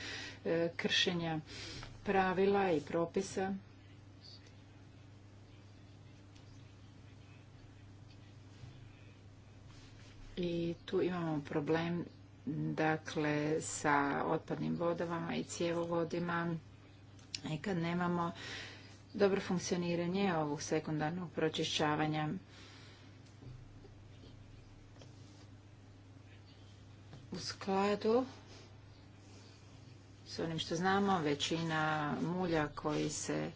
e, kršenja pravila i propisa. I tu imamo problem dakle sa otpadnim vodovama i cjevovodima i kad nemamo dobro funkcioniranje ovog sekundarnog pročišćavanja. U skladu s onim što znamo, većina mulja koji se,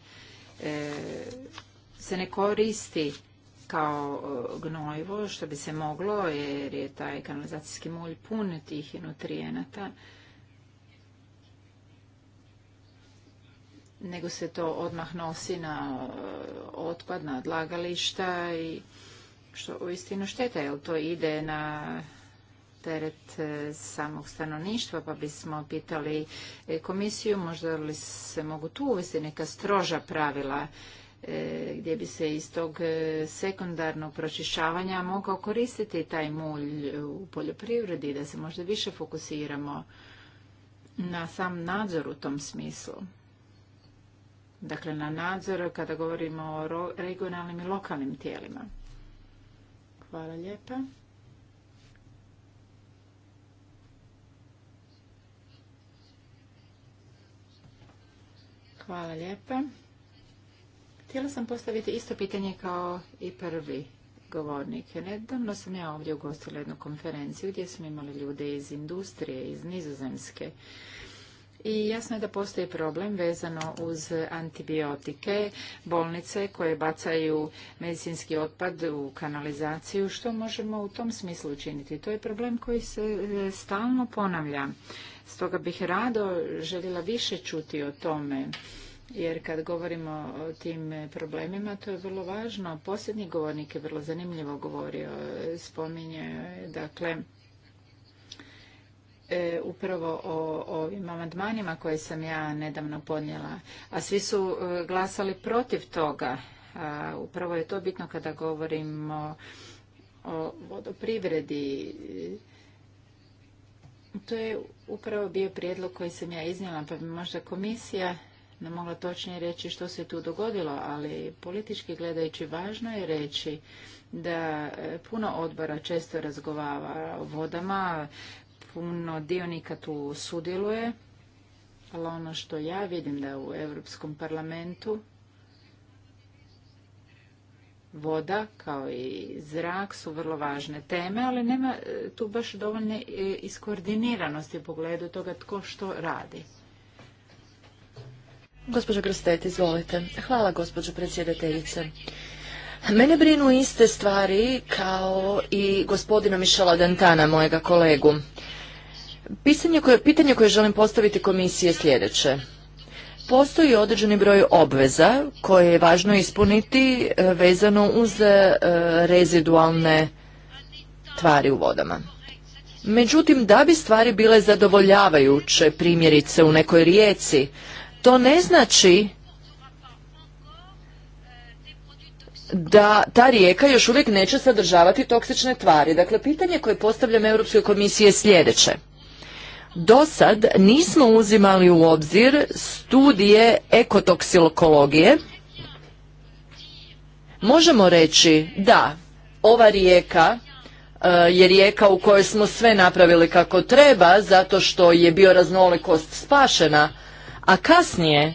e, se ne koristi kao e, gnojivo, što bi se moglo, jer je taj kanalizacijski mulj pun tih nutrijenata. nego se to odmah nosi na e, otpad, na odlagališta i što uistinu šteta, jer to ide na teret e, samog stanovništva, pa bismo pitali e, komisiju možda li se mogu tu uvesti neka stroža pravila gdje bi se iz tog sekundarnog pročišćavanja mogao koristiti taj mulj u poljoprivredi, da se možda više fokusiramo na sam nadzor u tom smislu dakle na nadzor kada govorimo o regionalnim i lokalnim tijelima. Hvala lijepa. Hvala lijepa. Htjela sam postaviti isto pitanje kao i prvi govornik. Nedavno sam ja ovdje ugostila jednu konferenciju gdje smo imali ljude iz industrije, iz nizozemske, i jasno je da postoji problem vezano uz antibiotike, bolnice koje bacaju medicinski otpad u kanalizaciju. Što možemo u tom smislu učiniti? To je problem koji se e, stalno ponavlja. Stoga bih rado željela više čuti o tome. Jer kad govorimo o tim problemima, to je vrlo važno. Posljednji govornik je vrlo zanimljivo govorio, spominje, dakle, E, upravo o, ovim amandmanima koje sam ja nedavno podnijela, a svi su e, glasali protiv toga. upravo je to bitno kada govorimo o vodoprivredi. E, to je upravo bio prijedlog koji sam ja iznijela, pa bi možda komisija ne mogla točnije reći što se tu dogodilo, ali politički gledajući važno je reći da puno odbora često razgovara o vodama, puno dionika tu sudjeluje, ali ono što ja vidim da u Europskom parlamentu voda kao i zrak su vrlo važne teme, ali nema e, tu baš dovoljne e, iskoordiniranosti u pogledu toga tko što radi. Gospođo Grostet, izvolite. Hvala, gospođo predsjedateljice. Mene brinu iste stvari kao i gospodina Mišela Dantana, mojega kolegu. Pitanje koje, pitanje koje želim postaviti komisiji je sljedeće. Postoji određeni broj obveza koje je važno ispuniti e, vezano uz e, rezidualne tvari u vodama. Međutim, da bi stvari bile zadovoljavajuće, primjerice u nekoj rijeci, to ne znači da ta rijeka još uvijek neće sadržavati toksične tvari. Dakle, pitanje koje postavljam Europskoj komisiji je sljedeće do sad nismo uzimali u obzir studije ekotoksikologije. Možemo reći da ova rijeka e, je rijeka u kojoj smo sve napravili kako treba zato što je bioraznolikost spašena, a kasnije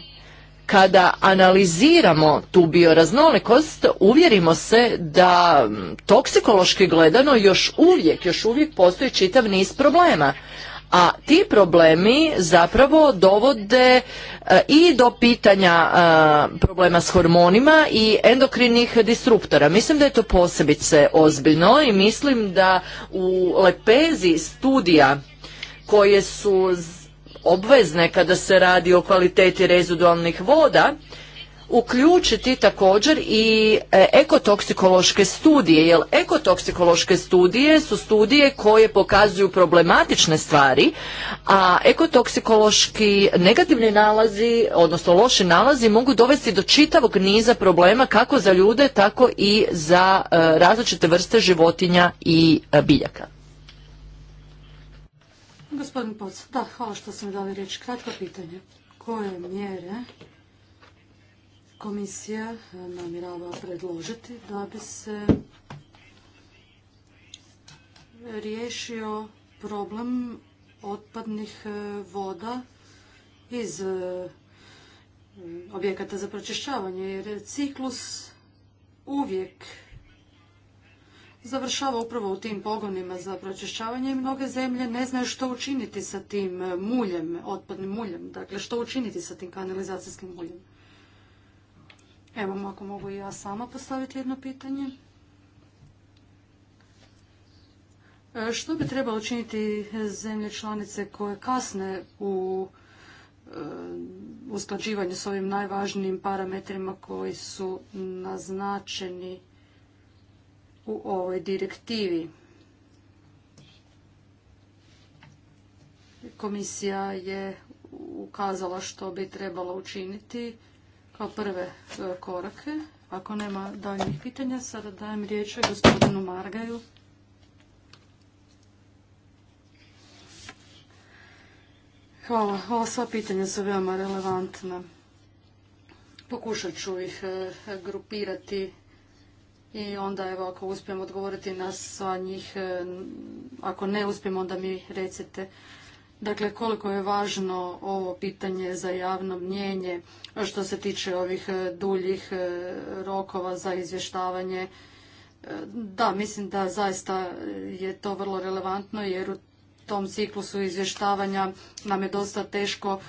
kada analiziramo tu bioraznolikost uvjerimo se da toksikološki gledano još uvijek, još uvijek postoji čitav niz problema a ti problemi zapravo dovode e, i do pitanja e, problema s hormonima i endokrinih disruptora. Mislim da je to posebice ozbiljno i mislim da u lepezi studija koje su obvezne kada se radi o kvaliteti rezidualnih voda, uključiti također i e, ekotoksikološke studije, jer ekotoksikološke studije su studije koje pokazuju problematične stvari, a ekotoksikološki negativni nalazi, odnosno loši nalazi, mogu dovesti do čitavog niza problema kako za ljude, tako i za e, različite vrste životinja i e, biljaka. Gospodin da, hvala što sam dali reći. Kratko pitanje. Koje mjere komisija e, namirava predložiti da bi se riješio problem otpadnih e, voda iz e, objekata za pročišćavanje, jer ciklus uvijek završava upravo u tim pogonima za pročišćavanje i mnoge zemlje ne znaju što učiniti sa tim muljem, otpadnim muljem, dakle što učiniti sa tim kanalizacijskim muljem. Evo, ako mogu i ja sama postaviti jedno pitanje. E, što bi trebalo učiniti zemlje članice koje kasne u e, usklađivanju s ovim najvažnijim parametrima koji su naznačeni u ovoj direktivi? Komisija je ukazala što bi trebalo učiniti prve e, korake. Ako nema daljnjih pitanja, sada dajem riječ gospodinu Margaju. Hvala. Ova sva pitanja su veoma relevantna. Pokušat ću ih e, grupirati i onda evo ako uspijem odgovoriti na sva njih, e, ako ne uspijem onda mi recite. Dakle, koliko je važno ovo pitanje za javno mnjenje što se tiče ovih e, duljih e, rokova za izvještavanje. E, da, mislim da zaista je to vrlo relevantno jer u tom ciklusu izvještavanja nam je dosta teško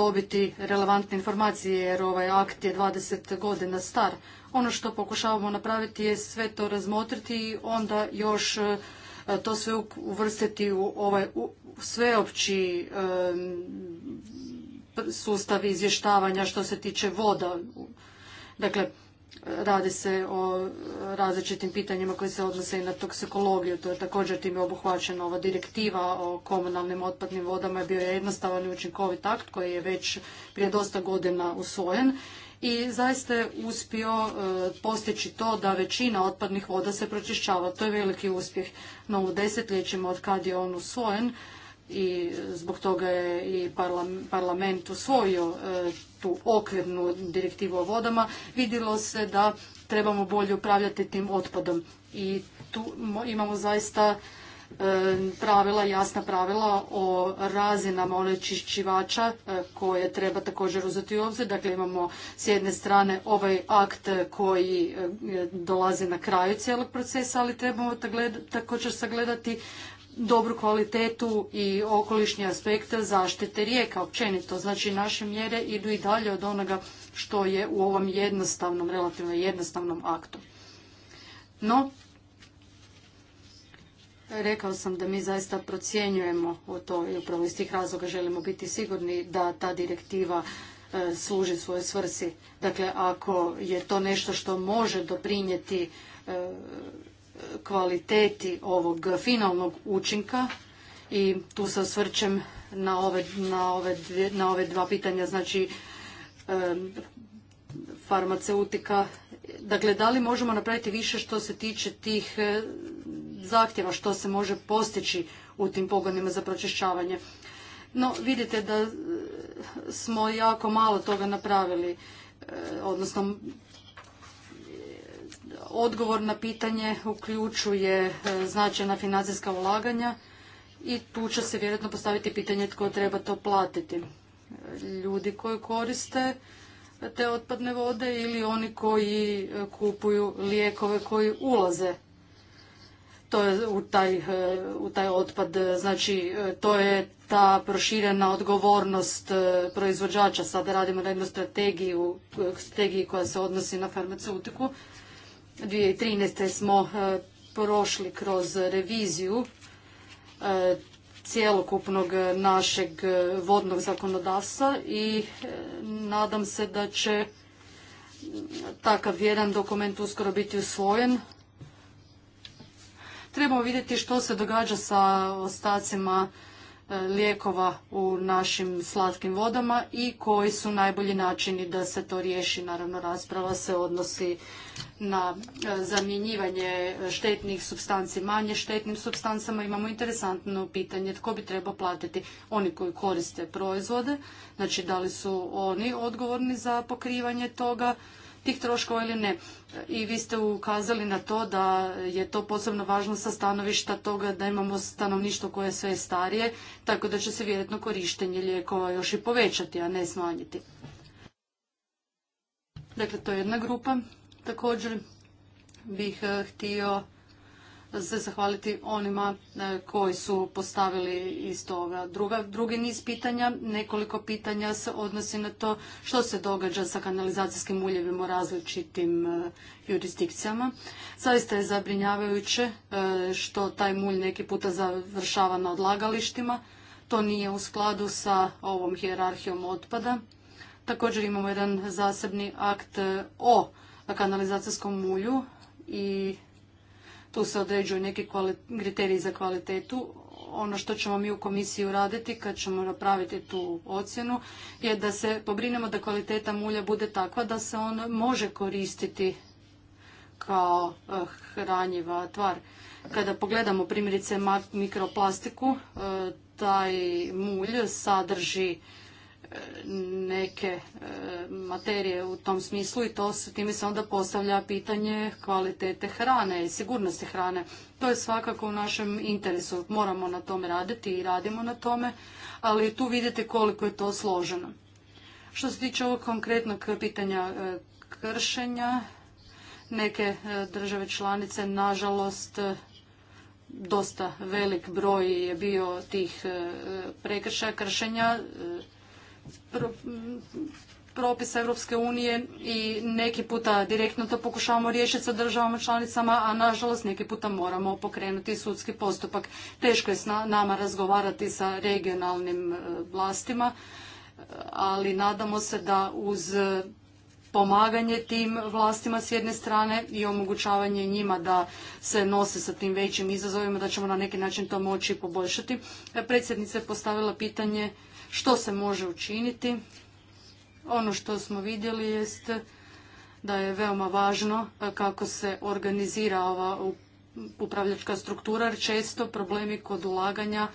dobiti relevantne informacije jer ovaj akt je 20 godina star. Ono što pokušavamo napraviti je sve to razmotriti i onda još E, to sve uvrstiti u ovaj sveopći e, sustav izvještavanja što se tiče voda. Dakle, radi se o različitim pitanjima koji se odnose i na toksikologiju. To je također time obuhvaćena ova direktiva o komunalnim otpadnim vodama. Je bio je jednostavan i učinkovit akt koji je već prije dosta godina usvojen i zaista je uspio e, postići to da većina otpadnih voda se pročišćava. To je veliki uspjeh. No u desetljećima od kad je on usvojen i zbog toga je i parlament usvojio e, tu okvirnu direktivu o vodama, vidjelo se da trebamo bolje upravljati tim otpadom. I tu imamo zaista E, pravila, jasna pravila o razinama onečišćivača e, koje treba također uzeti u obzir. Dakle, imamo s jedne strane ovaj akt koji e, dolazi na kraju cijelog procesa, ali trebamo također sagledati dobru kvalitetu i okolišnje aspekt zaštite rijeka općenito. Znači naše mjere idu i dalje od onoga što je u ovom jednostavnom, relativno jednostavnom aktu. No, Rekao sam da mi zaista procjenjujemo o to i upravo iz tih razloga želimo biti sigurni da ta direktiva e, služi svojoj svrsi. Dakle, ako je to nešto što može doprinijeti e, kvaliteti ovog finalnog učinka i tu se osvrćem na ove, na ove, na ove dva pitanja, znači e, farmaceutika. Dakle, da li možemo napraviti više što se tiče tih zahtjeva što se može postići u tim pogonima za pročišćavanje. No, vidite da e, smo jako malo toga napravili, e, odnosno odgovor na pitanje uključuje e, značajna financijska ulaganja i tu će se vjerojatno postaviti pitanje tko treba to platiti. Ljudi koji koriste te otpadne vode ili oni koji kupuju lijekove koji ulaze to je u taj, eh, otpad. Eh, znači, eh, to je ta proširena odgovornost proizvođača. Sada radimo na jednu strategiju, strategiji koja se odnosi na farmaceutiku. 2013. smo prošli kroz reviziju cjelokupnog našeg vodnog zakonodavstva i nadam se da će mm, takav jedan dokument uskoro biti usvojen Trebamo vidjeti što se događa sa ostacima e, lijekova u našim slatkim vodama i koji su najbolji načini da se to riješi. Naravno, rasprava se odnosi na e, zamjenjivanje štetnih substanci manje štetnim substancama. Imamo interesantno pitanje tko bi trebao platiti oni koji koriste proizvode, znači da li su oni odgovorni za pokrivanje toga tih troškova ili ne. I vi ste ukazali na to da je to posebno važno sa stanovišta toga da imamo stanovništvo koje je sve starije, tako da će se vjerojatno korištenje lijekova još i povećati, a ne smanjiti. Dakle, to je jedna grupa. Također bih eh, htio se zahvaliti onima e, koji su postavili iz toga. Druga, drugi niz pitanja, nekoliko pitanja se odnosi na to što se događa sa kanalizacijskim uljevima u različitim e, jurisdikcijama. Zaista je zabrinjavajuće e, što taj mulj neki puta završava na odlagalištima. To nije u skladu sa ovom hjerarhijom otpada. Također imamo jedan zasebni akt o kanalizacijskom mulju i tu se određuju neki kriteriji za kvalitetu. Ono što ćemo mi u komisiji uraditi kad ćemo napraviti tu ocjenu je da se pobrinemo da kvaliteta mulja bude takva da se on može koristiti kao eh, hranjiva tvar. Kada pogledamo primjerice mikroplastiku, eh, taj mulj sadrži neke e, materije u tom smislu i to time se onda postavlja pitanje kvalitete hrane i sigurnosti hrane. To je svakako u našem interesu. Moramo na tome raditi i radimo na tome, ali tu vidite koliko je to složeno. Što se tiče ovog konkretnog pitanja e, kršenja, neke e, države članice, nažalost, dosta velik broj je bio tih prekršaja kršenja pro, propisa Europske unije i neki puta direktno to pokušavamo riješiti sa državama članicama, a nažalost neki puta moramo pokrenuti sudski postupak. Teško je s nama razgovarati sa regionalnim e, vlastima, ali nadamo se da uz pomaganje tim vlastima s jedne strane i omogućavanje njima da se nose sa tim većim izazovima, da ćemo na neki način to moći poboljšati. E, predsjednica je postavila pitanje što se može učiniti. Ono što smo vidjeli jest da je veoma važno e, kako se organizira ova upravljačka struktura, jer često problemi kod ulaganja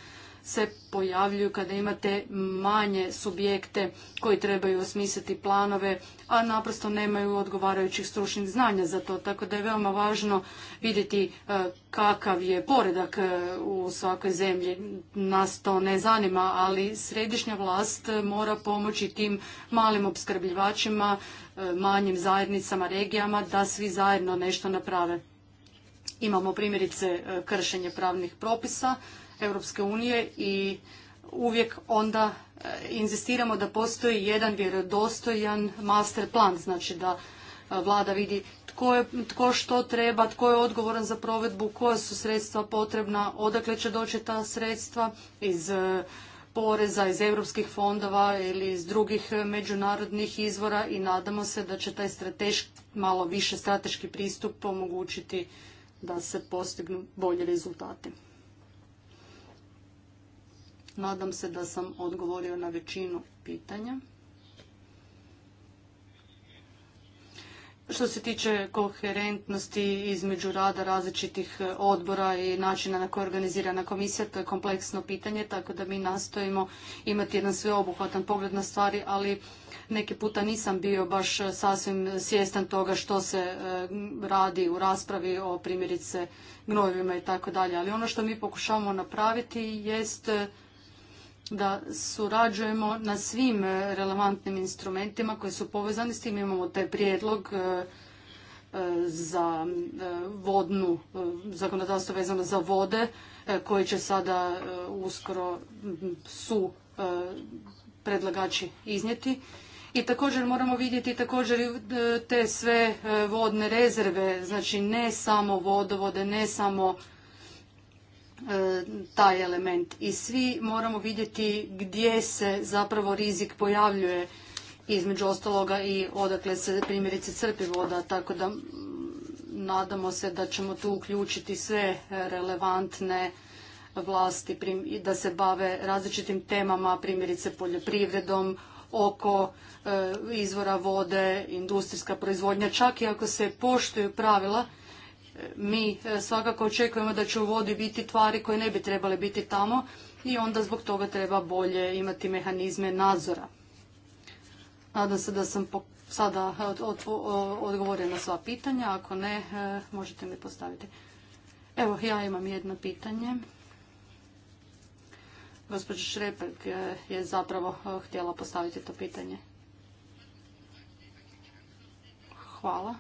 se pojavljuju kada imate manje subjekte koji trebaju osmisliti planove, a naprosto nemaju odgovarajućih stručnih znanja za to. Tako da je veoma važno vidjeti e, kakav je poredak e, u svakoj zemlji. Nas to ne zanima, ali središnja vlast mora pomoći tim malim opskrbljivačima, e, manjim zajednicama, regijama da svi zajedno nešto naprave. Imamo primjerice kršenje pravnih propisa, Europske unije i uvijek onda eh, inzistiramo da postoji jedan vjerodostojan master plan, znači da eh, vlada vidi tko, je, tko što treba, tko je odgovoran za provedbu, koja su sredstva potrebna, odakle će doći ta sredstva iz eh, poreza, iz europskih fondova ili iz drugih međunarodnih izvora i nadamo se da će taj strateški, malo više strateški pristup omogućiti da se postignu bolji rezultati. Nadam se da sam odgovorio na većinu pitanja. Što se tiče koherentnosti između rada različitih e, odbora i načina na koji je organizirana komisija, to je kompleksno pitanje, tako da mi nastojimo imati jedan sveobuhvatan pogled na stvari, ali neki puta nisam bio baš e, sasvim svjestan toga što se e, radi u raspravi o primjerice gnojivima i tako dalje. Ali ono što mi pokušavamo napraviti jest da surađujemo na svim e, relevantnim instrumentima koji su povezani s tim. Imamo taj prijedlog e, e, za vodnu, zakonodavstvo vezano za vode koji će sada uskoro su predlagači iznijeti. I također moramo vidjeti također te sve vodne rezerve, znači ne samo vodovode, ne samo E, taj element i svi moramo vidjeti gdje se zapravo rizik pojavljuje između ostaloga i odakle se primjerice crpi voda, tako da nadamo se da ćemo tu uključiti sve relevantne vlasti da se bave različitim temama, primjerice poljoprivredom, oko e, izvora vode, industrijska proizvodnja, čak i ako se poštuju pravila, mi e, svakako očekujemo da će u vodi biti tvari koje ne bi trebale biti tamo i onda zbog toga treba bolje imati mehanizme nadzora. Nadam se da sam sada e, odgovorila na sva pitanja, ako ne, e, možete mi postaviti. Evo, ja imam jedno pitanje. Gospođa Šrepek je zapravo htjela postaviti to pitanje. Hvala.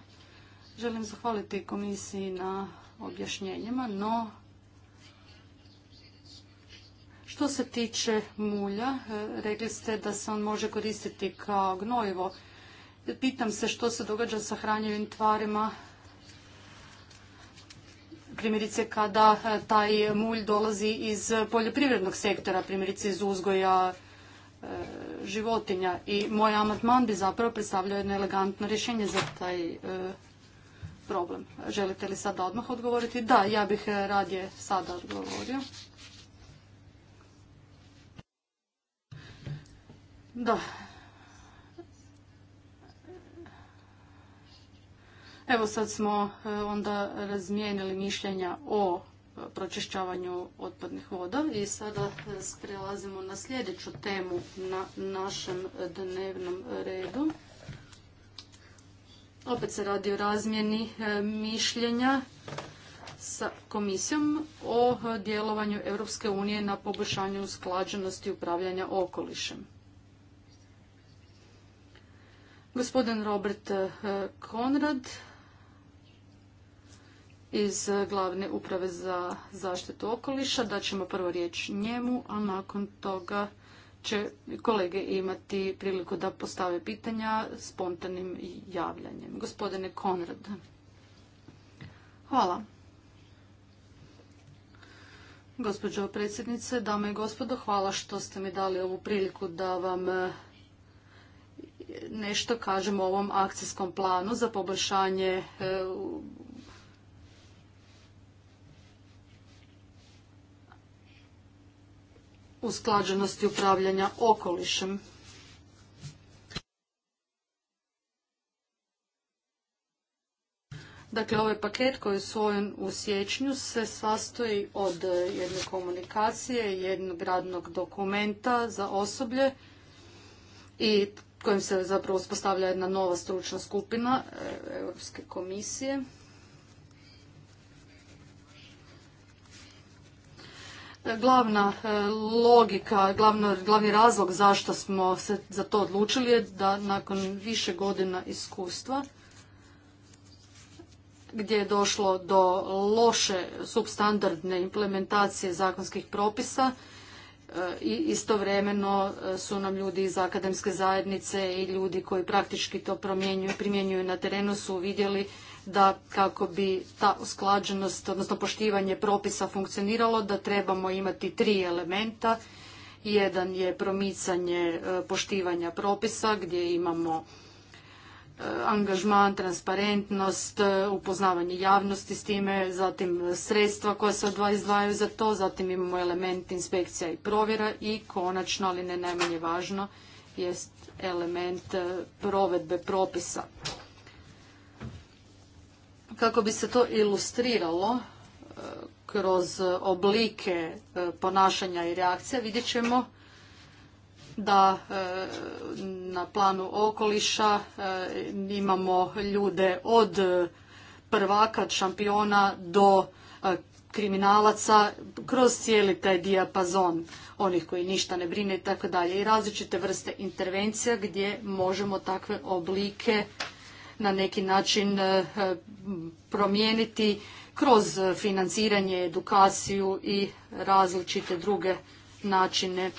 Želim zahvaliti komisiji na objašnjenjima, no što se tiče mulja, e, rekli ste da se on može koristiti kao gnojivo. Pitam se što se događa sa hranjivim tvarima, primjerice kada e, taj mulj dolazi iz poljoprivrednog sektora, primjerice iz uzgoja e, životinja i moj amatman bi zapravo predstavljao jedno elegantno rješenje za taj problem. Želite li sada odmah odgovoriti? Da, ja bih eh, radije sada odgovorio. Da. Evo sad smo eh, onda razmijenili mišljenja o eh, pročišćavanju otpadnih voda i sada prelazimo na sljedeću temu na našem dnevnom redu. Opet se radi o razmjeni e, mišljenja sa komisijom o e, djelovanju Europske unije na poboljšanju usklađenosti upravljanja okolišem. Gospodin Robert e, Konrad iz glavne uprave za zaštitu okoliša. Daćemo prvo riječ njemu, a nakon toga će kolege imati priliku da postave pitanja spontanim javljanjem. Gospodine Konrad. Hvala. Gospođo predsjednice, dame i gospodo, hvala što ste mi dali ovu priliku da vam e, nešto kažem o ovom akcijskom planu za poboljšanje e, usklađenosti upravljanja okolišem. Dakle, ovaj paket koji je svojen u siječnju se sastoji od jedne komunikacije, jednog radnog dokumenta za osoblje i kojim se zapravo uspostavlja jedna nova stručna skupina e, Europske komisije. Glavna e, logika, glavni razlog zašto smo se za to odlučili je da nakon više godina iskustva gdje je došlo do loše substandardne implementacije zakonskih propisa e, i istovremeno e, su nam ljudi iz akademske zajednice i ljudi koji praktički to primjenjuju na terenu su vidjeli da kako bi ta usklađenost, odnosno poštivanje propisa funkcioniralo, da trebamo imati tri elementa. Jedan je promicanje e, poštivanja propisa gdje imamo e, angažman, transparentnost, e, upoznavanje javnosti s time, zatim sredstva koja se izdvajaju za to, zatim imamo element inspekcija i provjera i konačno, ali ne najmanje važno, jest element provedbe propisa. Kako bi se to ilustriralo e, kroz e, oblike e, ponašanja i reakcija, vidjet ćemo da na planu okoliša imamo ljude od prvaka, šampiona do kriminalaca kroz cijeli taj dijapazon onih koji ništa ne brine i tako dalje i različite vrste intervencija gdje možemo takve oblike na neki način e, e, promijeniti kroz financiranje, edukaciju i različite druge načine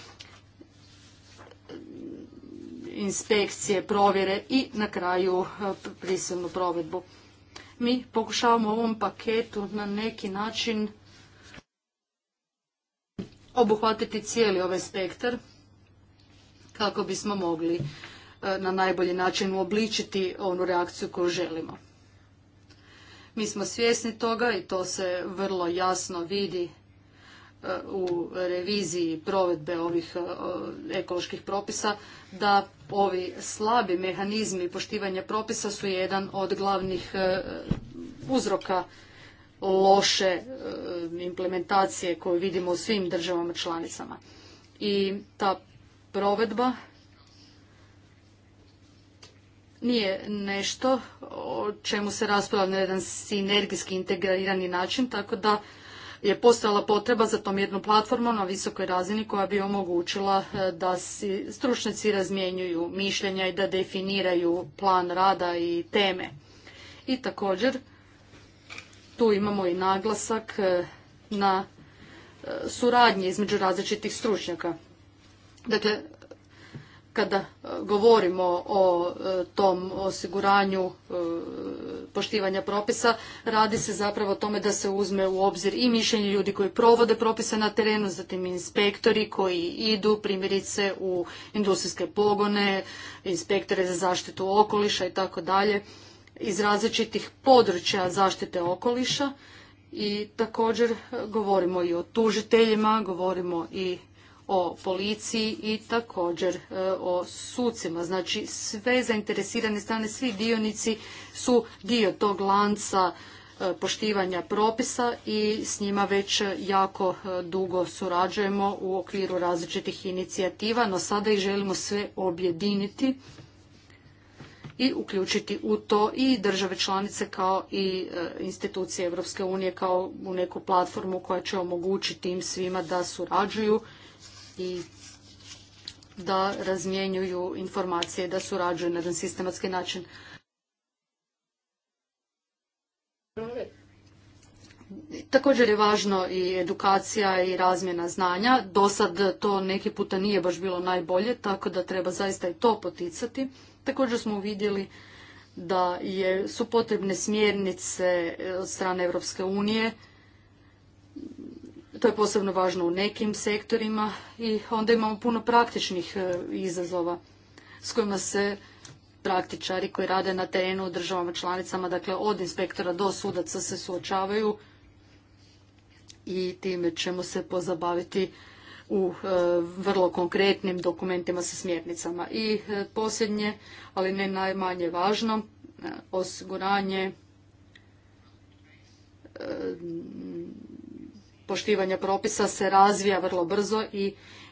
inspekcije, provjere i na kraju e, prisilnu provedbu. Mi pokušavamo ovom paketu na neki način obuhvatiti cijeli ovaj spektar kako bismo mogli E, na najbolji način uobličiti onu reakciju koju želimo. Mi smo svjesni toga i to se vrlo jasno vidi e, u reviziji provedbe ovih e, ekoloških propisa da ovi slabi mehanizmi poštivanja propisa su jedan od glavnih uzroka loše implementacije koju vidimo u svim državama članicama. I ta provedba nije nešto o čemu se raspravlja na jedan sinergijski integrirani način, tako da je postojala potreba za tom jednom platformom na visokoj razini koja bi omogućila e, da si stručnjaci razmjenjuju mišljenja i da definiraju plan rada i teme. I također tu imamo i naglasak e, na e, suradnji između različitih stručnjaka. Dakle, kada e, govorimo o e, tom osiguranju e, poštivanja propisa, radi se zapravo o tome da se uzme u obzir i mišljenje ljudi koji provode propise na terenu, zatim inspektori koji idu primjerice u industrijske pogone, inspektore za zaštitu okoliša i tako dalje iz različitih područja zaštite okoliša i također govorimo i o tužiteljima, govorimo i o policiji i također e, o sucima. Znači sve zainteresirane strane, svi dionici su dio tog lanca e, poštivanja propisa i s njima već jako e, dugo surađujemo u okviru različitih inicijativa, no sada ih želimo sve objediniti i uključiti u to i države članice kao i institucije Europske unije kao u neku platformu koja će omogućiti im svima da surađuju i da razmjenjuju informacije, da surađuju na jedan sistematski način. Također je važno i edukacija i razmjena znanja. Do sad to neki puta nije baš bilo najbolje, tako da treba zaista i to poticati. Također smo uvidjeli da su potrebne smjernice eh, od strane Europske unije to je posebno važno u nekim sektorima i onda imamo puno praktičnih e, izazova s kojima se praktičari koji rade na terenu u državama članicama, dakle od inspektora do sudaca se suočavaju i time ćemo se pozabaviti u e, vrlo konkretnim dokumentima sa smjernicama. I e, posljednje, ali ne najmanje važno, osiguranje poštivanja propisa se razvija vrlo brzo i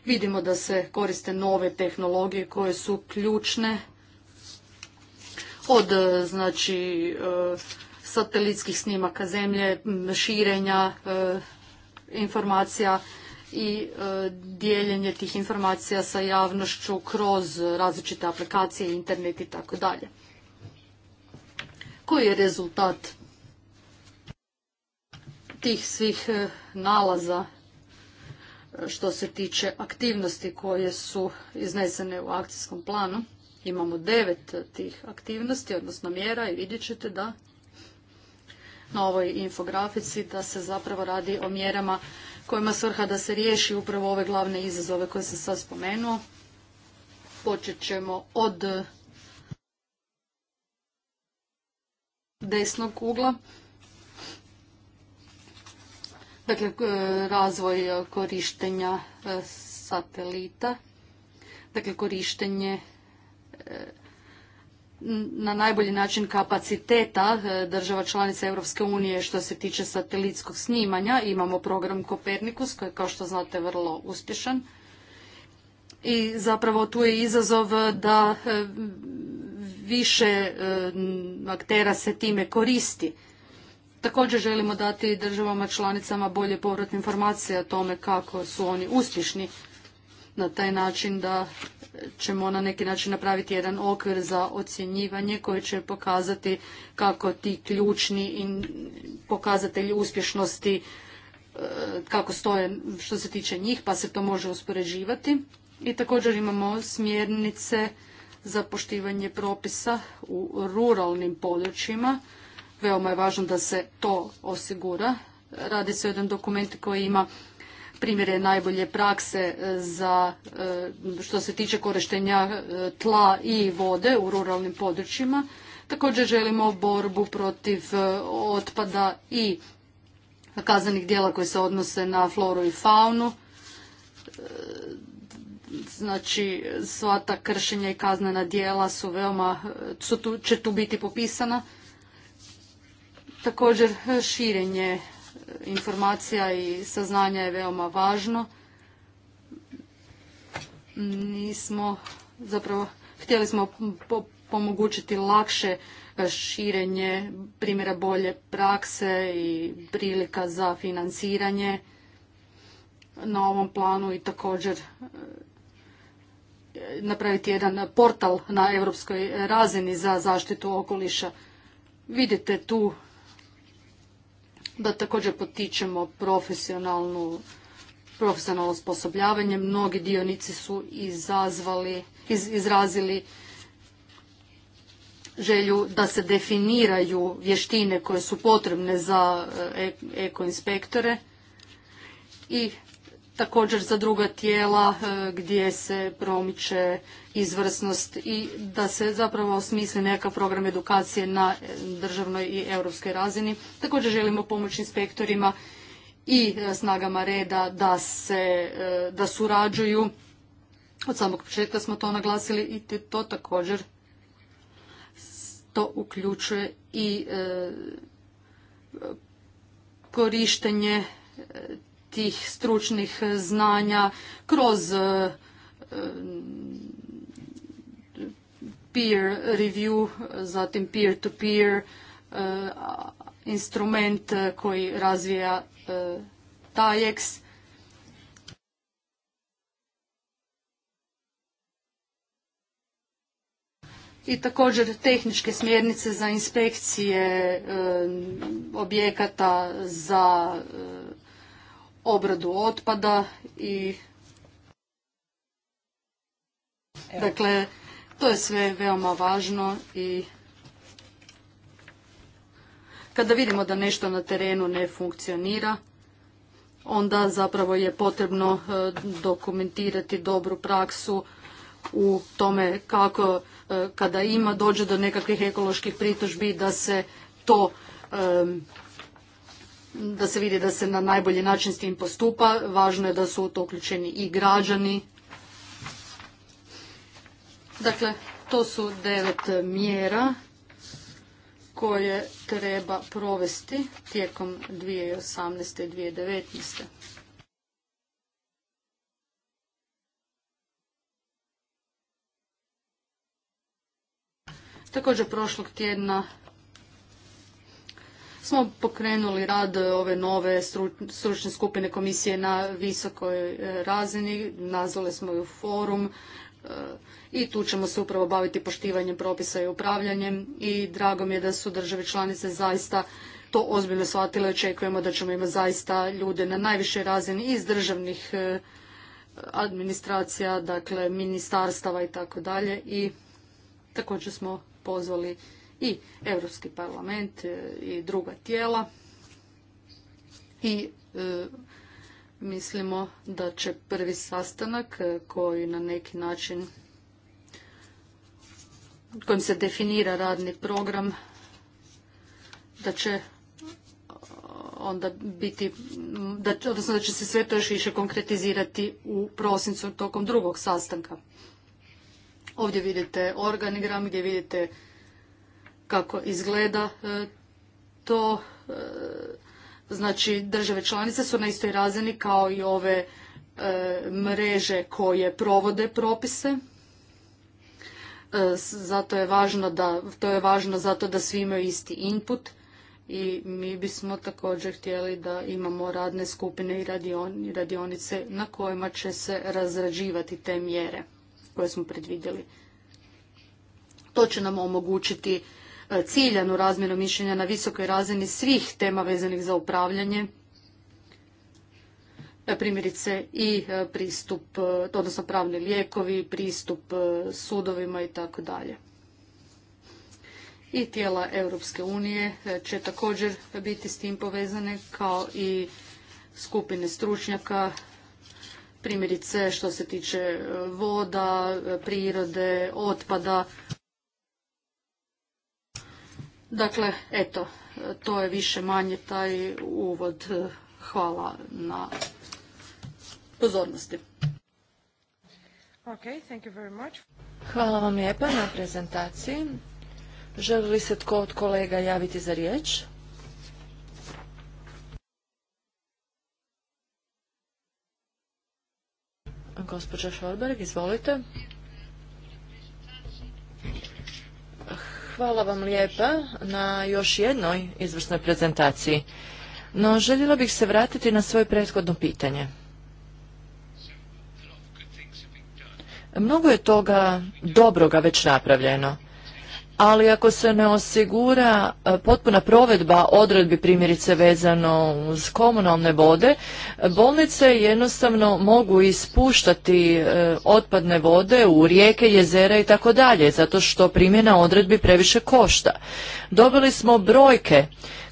vidimo da se koriste nove tehnologije koje su ključne od e, znači e, satelitskih snimaka zemlje, širenja e, informacija i dijeljenje tih informacija sa javnošću kroz različite aplikacije, internet i tako dalje. Koji je rezultat tih svih e, nalaza e, što se tiče aktivnosti koje su iznesene u akcijskom planu. Imamo devet tih aktivnosti, odnosno mjera i vidjet ćete da na ovoj infografici da se zapravo radi o mjerama kojima svrha da se riješi upravo ove glavne izazove koje sam sad spomenuo. Počet ćemo od desnog ugla dakle e, razvoj e, korištenja e, satelita, dakle korištenje na najbolji način kapaciteta država članica Europske unije što se tiče satelitskog snimanja. Imamo program Kopernikus koji je kao što znate vrlo uspješan. I zapravo tu je izazov da više aktera se time koristi. Također želimo dati državama članicama bolje povratne informacije o tome kako su oni uspješni na taj način da ćemo na neki način napraviti jedan okvir za ocjenjivanje koji će pokazati kako ti ključni pokazatelji uspješnosti e, kako stoje što se tiče njih, pa se to može uspoređivati. I također imamo smjernice za poštivanje propisa u ruralnim područjima Veoma je važno da se to osigura. Radi se o jednom dokumentu koji ima primjere najbolje prakse e, za e, što se tiče korištenja e, tla i vode u ruralnim područjima. Također želimo borbu protiv otpada i kaznenih dijela koje se odnose na floru i faunu. Znači, sva ta kršenja i kaznena dijela su veoma, su će tu biti popisana. Također širenje e, informacija i saznanja je veoma važno. Nismo zapravo htjeli smo pomogućiti lakše e, širenje primjera bolje prakse i prilika za financiranje na ovom planu i također e, napraviti jedan portal na europskoj razini za zaštitu okoliša. Vidite tu da također potičemo profesionalnu profesionalno osposobljavanje. Mnogi dionici su izazvali, izrazili želju da se definiraju vještine koje su potrebne za ekoinspektore e-, e-, e-, i također za druga tijela e, gdje se promiče izvrsnost i da se zapravo osmisli nekakav program edukacije na e, državnoj i europskoj razini. Također želimo pomoći inspektorima i e, snagama reda da, se, da surađuju. Od samog početka smo to naglasili i to također to uključuje i korištenje tih stručnih znanja kroz e, peer review, zatim peer-to-peer e, instrument koji razvija e, TAIEX. i također tehničke smjernice za inspekcije objekata za obradu otpada i dakle to je sve veoma važno i kada vidimo da nešto na terenu ne funkcionira onda zapravo je potrebno e, dokumentirati dobru praksu u tome kako e, kada ima dođe do nekakvih ekoloških pritužbi da se to e, da se vidi da se na najbolji način s tim postupa. Važno je da su u to uključeni i građani. Dakle, to su devet mjera koje treba provesti tijekom 2018. i 2019. Također prošlog tjedna smo pokrenuli rad ove nove stručne skupine komisije na visokoj e, razini, nazvali smo ju forum e, i tu ćemo se upravo baviti poštivanjem propisa i upravljanjem i drago mi je da su države članice zaista to ozbiljno shvatile. Očekujemo da ćemo imati zaista ljude na najvišoj razini iz državnih e, administracija, dakle ministarstava i tako dalje i također smo pozvali i Europski parlament e, i druga tijela i e, mislimo da će prvi sastanak e, koji na neki način kojim se definira radni program da će onda biti, da, odnosno da će se sve to još više konkretizirati u prosincu tokom drugog sastanka. Ovdje vidite organigram gdje vidite kako izgleda e, to. E, znači, države članice su na istoj razini kao i ove e, mreže koje provode propise. Zato je važno da, to je važno zato da svi imaju isti input i mi bismo također htjeli da imamo radne skupine i radionice na kojima će se razrađivati te mjere koje smo predvidjeli. To će nam omogućiti E, ciljanu razmjenu mišljenja na visokoj razini svih tema vezanih za upravljanje, e, primjerice i e, pristup, odnosno pravni lijekovi, pristup sudovima i tako dalje. I tijela Europske unije će također biti s tim povezane kao i skupine stručnjaka, primjerice što se tiče voda, prirode, otpada, Dakle, eto, to je više manje taj uvod. Eh, hvala na pozornosti. Okay, thank you very much. Hvala vam lijepa na prezentaciji. Želi li se tko od kolega javiti za riječ? Gospođa Šorberg, izvolite. Hvala vam lijepa na još jednoj izvrsnoj prezentaciji. No, željela bih se vratiti na svoje prethodno pitanje. Mnogo je toga dobroga već napravljeno ali ako se ne osigura e, potpuna provedba odredbi primjerice vezano uz komunalne vode, bolnice jednostavno mogu ispuštati e, otpadne vode u rijeke, jezera i tako dalje, zato što primjena odredbi previše košta. Dobili smo brojke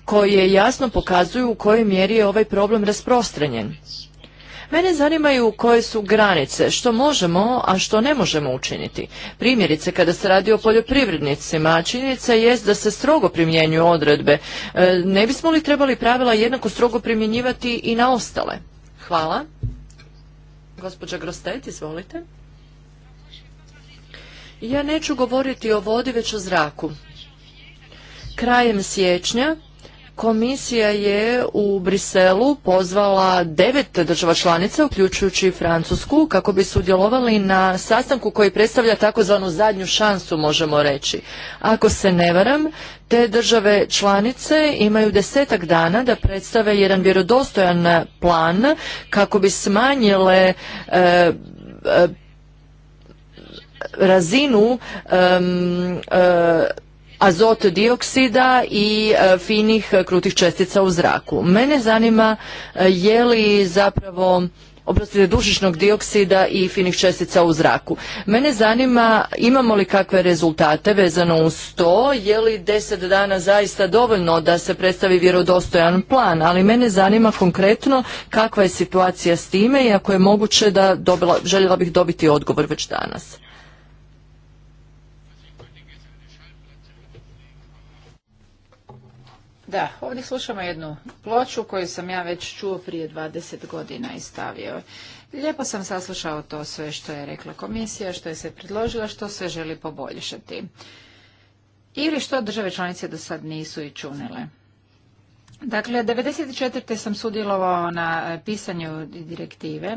koje jasno pokazuju u kojoj mjeri je ovaj problem rasprostranjen. Mene zanimaju koje su granice, što možemo, a što ne možemo učiniti. Primjerice, kada se radi o poljoprivrednicima, činjenica jest da se strogo primjenjuju odredbe. E, ne bismo li trebali pravila jednako strogo primjenjivati i na ostale? Hvala. Gospodža Grostet, izvolite. Ja neću govoriti o vodi, već o zraku. Krajem siječnja Komisija je u Briselu pozvala devet država članica, uključujući Francusku, kako bi sudjelovali na sastanku koji predstavlja takozvanu zadnju šansu, možemo reći. Ako se ne varam, te države članice imaju desetak dana da predstave jedan vjerodostojan plan kako bi smanjile e, e, razinu e, azot dioksida i e, finih e, krutih čestica u zraku. Mene zanima e, je li zapravo oprostite, dušičnog dioksida i finih čestica u zraku. Mene zanima imamo li kakve rezultate vezano uz to, je li deset dana zaista dovoljno da se predstavi vjerodostojan plan, ali mene zanima konkretno kakva je situacija s time i ako je moguće da željela bih dobiti odgovor već danas. Da, ovdje slušamo jednu ploču koju sam ja već čuo prije 20 godina i stavio. Lijepo sam saslušao to sve što je rekla komisija, što je se predložila, što se želi poboljšati. Ili što države članice do sad nisu i čunile. Dakle, 94. sam sudjelovao na e, pisanju direktive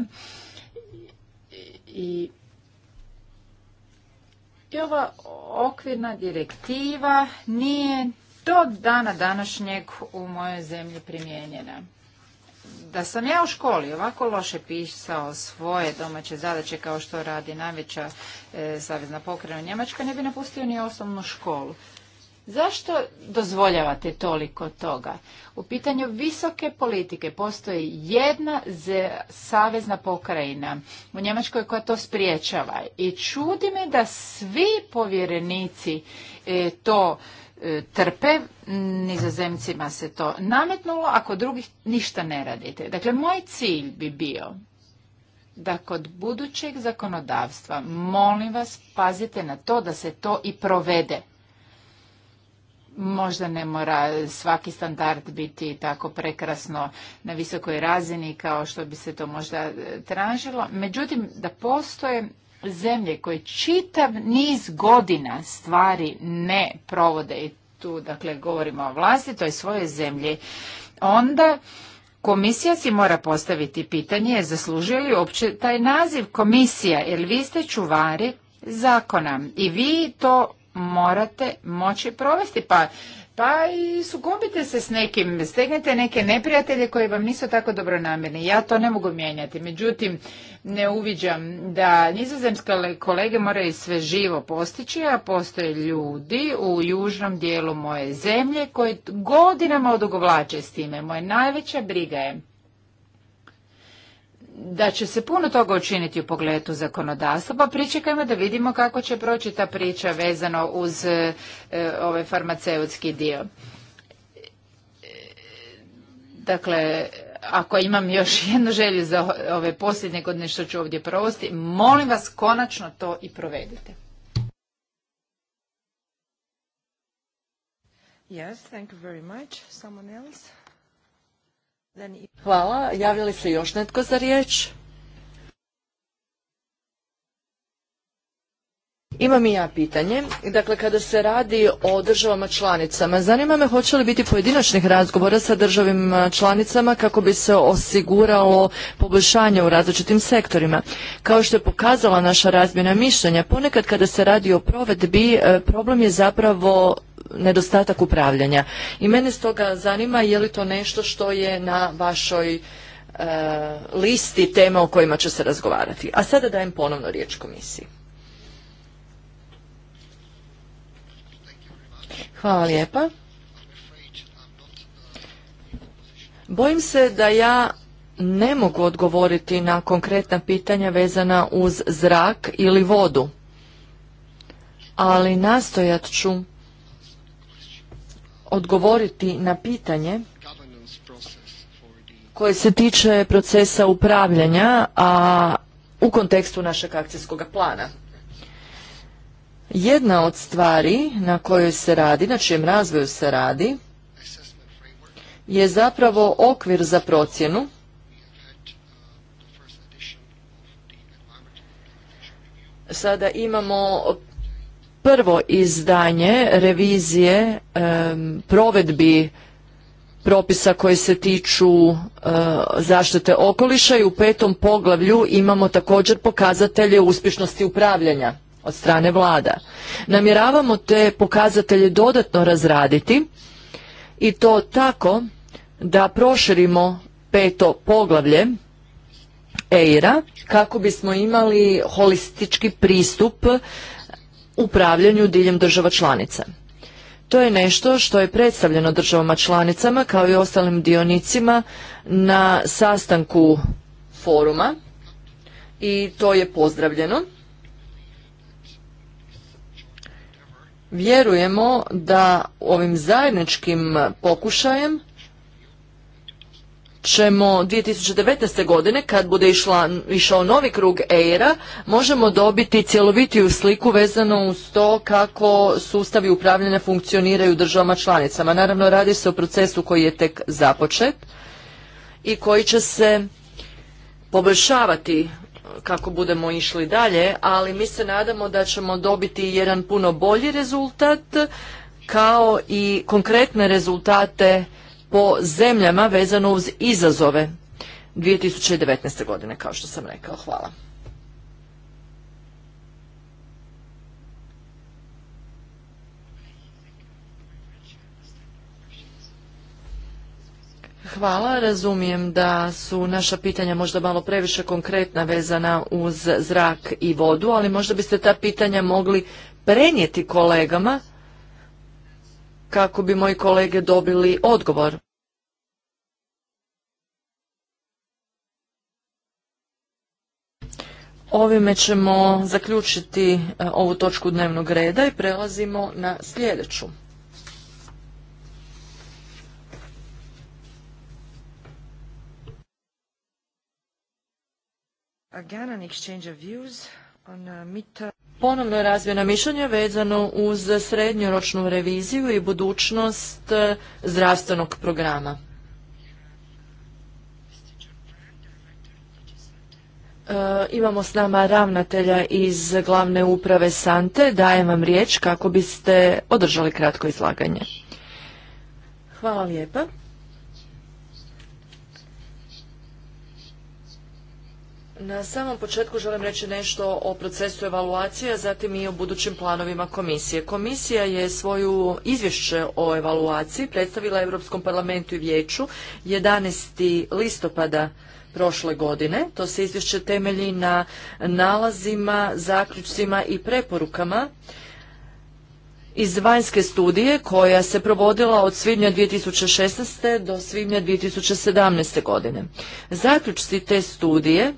i i ova okvirna direktiva nije do dana današnjeg u mojoj zemlji primijenjena. Da sam ja u školi ovako loše pisao svoje domaće zadaće kao što radi najveća e, savezna pokrena Njemačka, ne bi napustio ni osnovnu školu. Zašto dozvoljavate toliko toga? U pitanju visoke politike postoji jedna savezna pokrajina u Njemačkoj koja to spriječava. I čudi me da svi povjerenici e, to E, trpe, nizozemcima se to nametnulo, ako drugih ništa ne radite. Dakle, moj cilj bi bio da kod budućeg zakonodavstva, molim vas, pazite na to da se to i provede. Možda ne mora svaki standard biti tako prekrasno na visokoj razini kao što bi se to možda e, tražilo. Međutim, da postoje zemlje koje čitav niz godina stvari ne provode i tu dakle govorimo o vlasti, to je svoje zemlje, onda Komisija si mora postaviti pitanje zaslužuje li uopće taj naziv komisija, jer vi ste čuvari zakona i vi to morate moći provesti. Pa pa i sukobite se s nekim, stegnete neke neprijatelje koji vam nisu tako dobronamjerni. Ja to ne mogu mijenjati, međutim ne uviđam da nizozemske kolege moraju sve živo postići, a postoje ljudi u južnom dijelu moje zemlje koji godinama odugovlače s time. Moja najveća briga je da će se puno toga učiniti u pogledu zakonodavstva, pa pričekajmo da vidimo kako će proći ta priča vezano uz e, e ovaj farmaceutski dio. E, dakle, ako imam još jednu želju za ove posljednje godine što ću ovdje provesti, molim vas konačno to i provedite. Yes, thank you very much. Someone else? Hvala. Javlja li se još netko za riječ? Imam i ja pitanje. Dakle, kada se radi o državama članicama, zanima me hoće li biti pojedinačnih razgovora sa državim članicama kako bi se osiguralo poboljšanje u različitim sektorima. Kao što je pokazala naša razmjena mišljenja, ponekad kada se radi o provedbi, e, problem je zapravo nedostatak upravljanja. I mene stoga zanima je li to nešto što je na vašoj e, listi tema o kojima će se razgovarati. A sada dajem ponovno riječ komisiji. Hvala lijepa. Bojim se da ja ne mogu odgovoriti na konkretna pitanja vezana uz zrak ili vodu, ali nastojat ću odgovoriti na pitanje koje se tiče procesa upravljanja, a u kontekstu našeg akcijskog plana. Jedna od stvari na kojoj se radi, na čijem razvoju se radi, je zapravo okvir za procjenu Sada imamo prvo izdanje revizije provedbi propisa koji se tiču e, zaštite okoliša i u petom poglavlju imamo također pokazatelje uspješnosti upravljanja od strane vlada. Namjeravamo te pokazatelje dodatno razraditi i to tako da proširimo peto poglavlje EIRA kako bismo imali holistički pristup upravljanju diljem država članica. To je nešto što je predstavljeno državama članicama kao i ostalim dionicima na sastanku foruma i to je pozdravljeno. Vjerujemo da ovim zajedničkim pokušajem ćemo 2019. godine, kad bude išla, išao novi krug EIRA, možemo dobiti cjelovitiju sliku vezanu uz to kako sustavi upravljanja funkcioniraju državama članicama. Naravno, radi se o procesu koji je tek započet i koji će se poboljšavati kako budemo išli dalje, ali mi se nadamo da ćemo dobiti jedan puno bolji rezultat kao i konkretne rezultate po zemljama vezano uz izazove 2019. godine, kao što sam rekao. Hvala. Hvala, razumijem da su naša pitanja možda malo previše konkretna vezana uz zrak i vodu, ali možda biste ta pitanja mogli prenijeti kolegama kako bi moji kolege dobili odgovor. Ovime ćemo zaključiti e, ovu točku dnevnog reda i prelazimo na sljedeću. Again, an exchange of views on uh, ponovno je razvijena mišljenja vezano uz srednjoročnu reviziju i budućnost e, zdravstvenog programa. E, imamo s nama ravnatelja iz glavne uprave Sante. Dajem vam riječ kako biste održali kratko izlaganje. Hvala lijepa. Na samom početku želim reći nešto o procesu evaluacije, a zatim i o budućim planovima komisije. Komisija je svoju izvješće o evaluaciji predstavila Europskom parlamentu i vijeću 11. listopada prošle godine. To se izvješće temelji na nalazima, zaključcima i preporukama iz vanjske studije koja se provodila od svibnja 2016. do svibnja 2017. godine. Zaključci te studije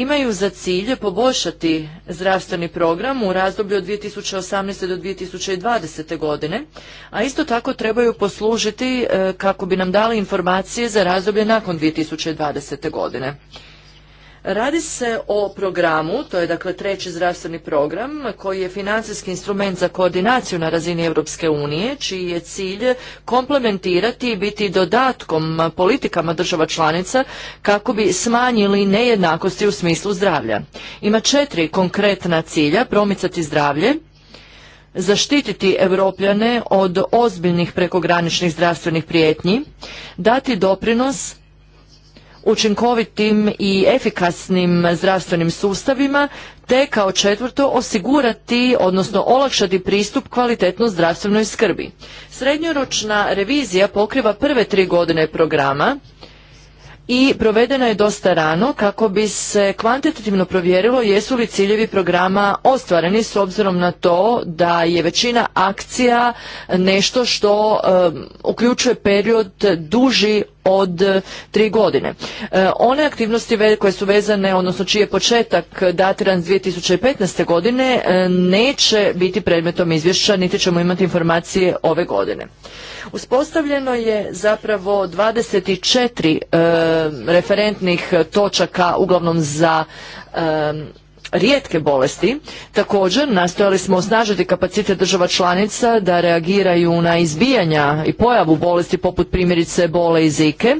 imaju za cilj poboljšati zdravstveni program u razdoblju od 2018. do 2020. godine, a isto tako trebaju poslužiti e, kako bi nam dali informacije za razdoblje nakon 2020. godine. Radi se o programu, to je dakle treći zdravstveni program, koji je financijski instrument za koordinaciju na razini Europske unije, čiji je cilj komplementirati i biti dodatkom politikama država članica kako bi smanjili nejednakosti u smislu zdravlja. Ima četiri konkretna cilja, promicati zdravlje, zaštititi Europljane od ozbiljnih prekograničnih zdravstvenih prijetnji, dati doprinos učinkovitim i efikasnim zdravstvenim sustavima, te kao četvrto osigurati, odnosno olakšati pristup kvalitetno zdravstvenoj skrbi. Srednjoročna revizija pokriva prve tri godine programa, i provedena je dosta rano kako bi se kvantitativno provjerilo jesu li ciljevi programa ostvareni s obzirom na to da je većina akcija nešto što um, uključuje period duži od e, tri godine. E, one aktivnosti koje su vezane, odnosno čiji je početak datiran 2015. godine, e, neće biti predmetom izvješća, niti ćemo imati informacije ove godine. Uspostavljeno je zapravo 24 referentnih točaka, uglavnom za rijetke bolesti. Također nastojali smo osnažiti kapacitet država članica da reagiraju na izbijanja i pojavu bolesti poput primjerice bole i zike,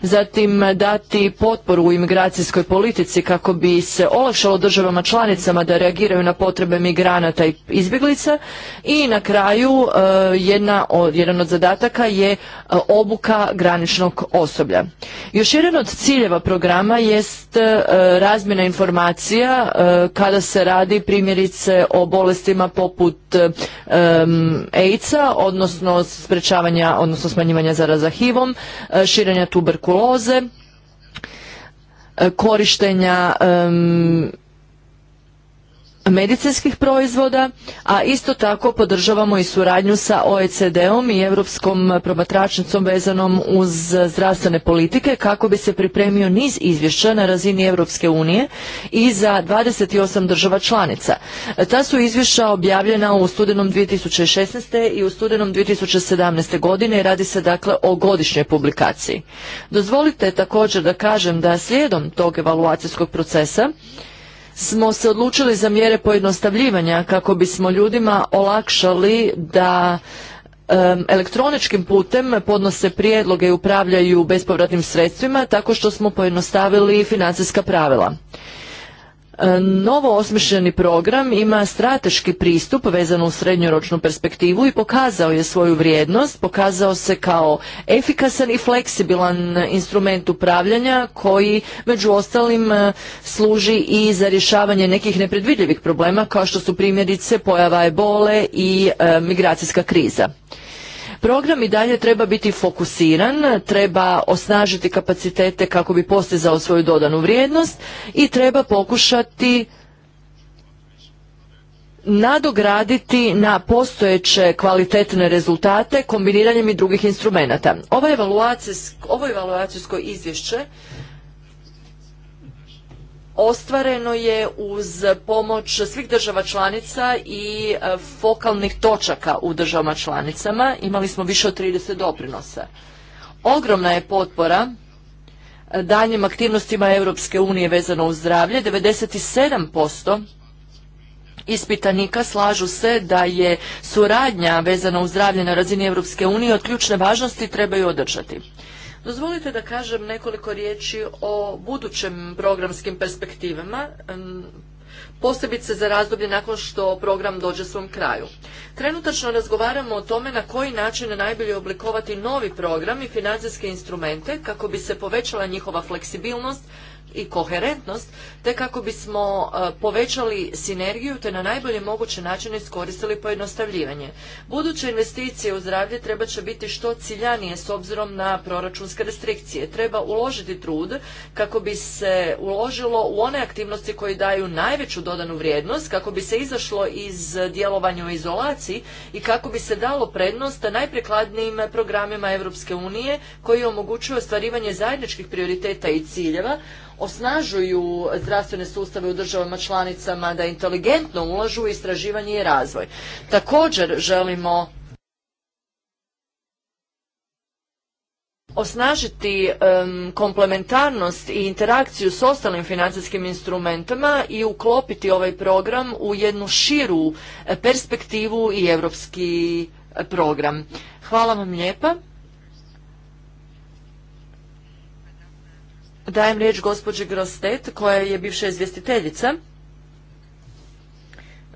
zatim dati potporu u imigracijskoj politici kako bi se olakšalo državama članicama da reagiraju na potrebe migranata i izbjeglica i na kraju e, jedna od, jedan od zadataka je e, obuka graničnog osoblja. Još jedan od ciljeva programa jest e, razmjena informacija Eh, kada se radi primjerice o bolestima poput AIDS-a, odnosno sprečavanja, odnosno smanjivanja zaraza HIV-om, eh, širenja tuberkuloze, eh, korištenja medicinskih proizvoda, a isto tako podržavamo i suradnju sa OECD-om i Europskom promatračnicom vezanom uz zdravstvene politike kako bi se pripremio niz izvješća na razini Europske unije i za 28 država članica. Ta su izvješća objavljena u studenom 2016. i u studenom 2017. godine i radi se dakle o godišnjoj publikaciji. Dozvolite također da kažem da slijedom tog evaluacijskog procesa smo se odlučili za mjere pojednostavljivanja kako bismo ljudima olakšali da elektroničkim putem podnose prijedloge i upravljaju bespovratnim sredstvima tako što smo pojednostavili financijska pravila. E, novo osmišljeni program ima strateški pristup vezan u srednjoročnu perspektivu i pokazao je svoju vrijednost, pokazao se kao efikasan i fleksibilan instrument upravljanja koji među ostalim e, služi i za rješavanje nekih nepredvidljivih problema kao što su primjerice pojava ebole i e, migracijska kriza. Program i dalje treba biti fokusiran, treba osnažiti kapacitete kako bi postizao svoju dodanu vrijednost i treba pokušati nadograditi na postojeće kvalitetne rezultate kombiniranjem i drugih instrumenata. Ovo evaluacijsko, ovo izvješće ostvareno je uz pomoć svih država članica i e, fokalnih točaka u državama članicama. Imali smo više od 30 doprinosa. Ogromna je potpora e, daljnjim aktivnostima Europske unije vezano uz zdravlje. 97% ispitanika slažu se da je suradnja vezana uz zdravlje na razini Europske unije od ključne važnosti ju održati. Dozvolite da kažem nekoliko riječi o budućim programskim perspektivama, posebice za razdoblje nakon što program dođe svom kraju. Trenutačno razgovaramo o tome na koji način najbolje oblikovati novi program i financijske instrumente kako bi se povećala njihova fleksibilnost, i koherentnost, te kako bismo e, povećali sinergiju te na najbolji mogući način iskoristili pojednostavljivanje. Buduće investicije u zdravlje treba će biti što ciljanije s obzirom na proračunske restrikcije. Treba uložiti trud kako bi se uložilo u one aktivnosti koje daju najveću dodanu vrijednost, kako bi se izašlo iz djelovanja u izolaciji i kako bi se dalo prednost najprikladnijim programima Europske unije koji omogućuju ostvarivanje zajedničkih prioriteta i ciljeva, osnažuju zdravstvene sustave u državama članicama da inteligentno ulažu u istraživanje i razvoj. Također želimo osnažiti komplementarnost i interakciju s ostalim financijskim instrumentama i uklopiti ovaj program u jednu širu e, perspektivu i europski e, program. Hvala vam lijepa. Dajem riječ gospođi Grostet, koja je bivša izvjestiteljica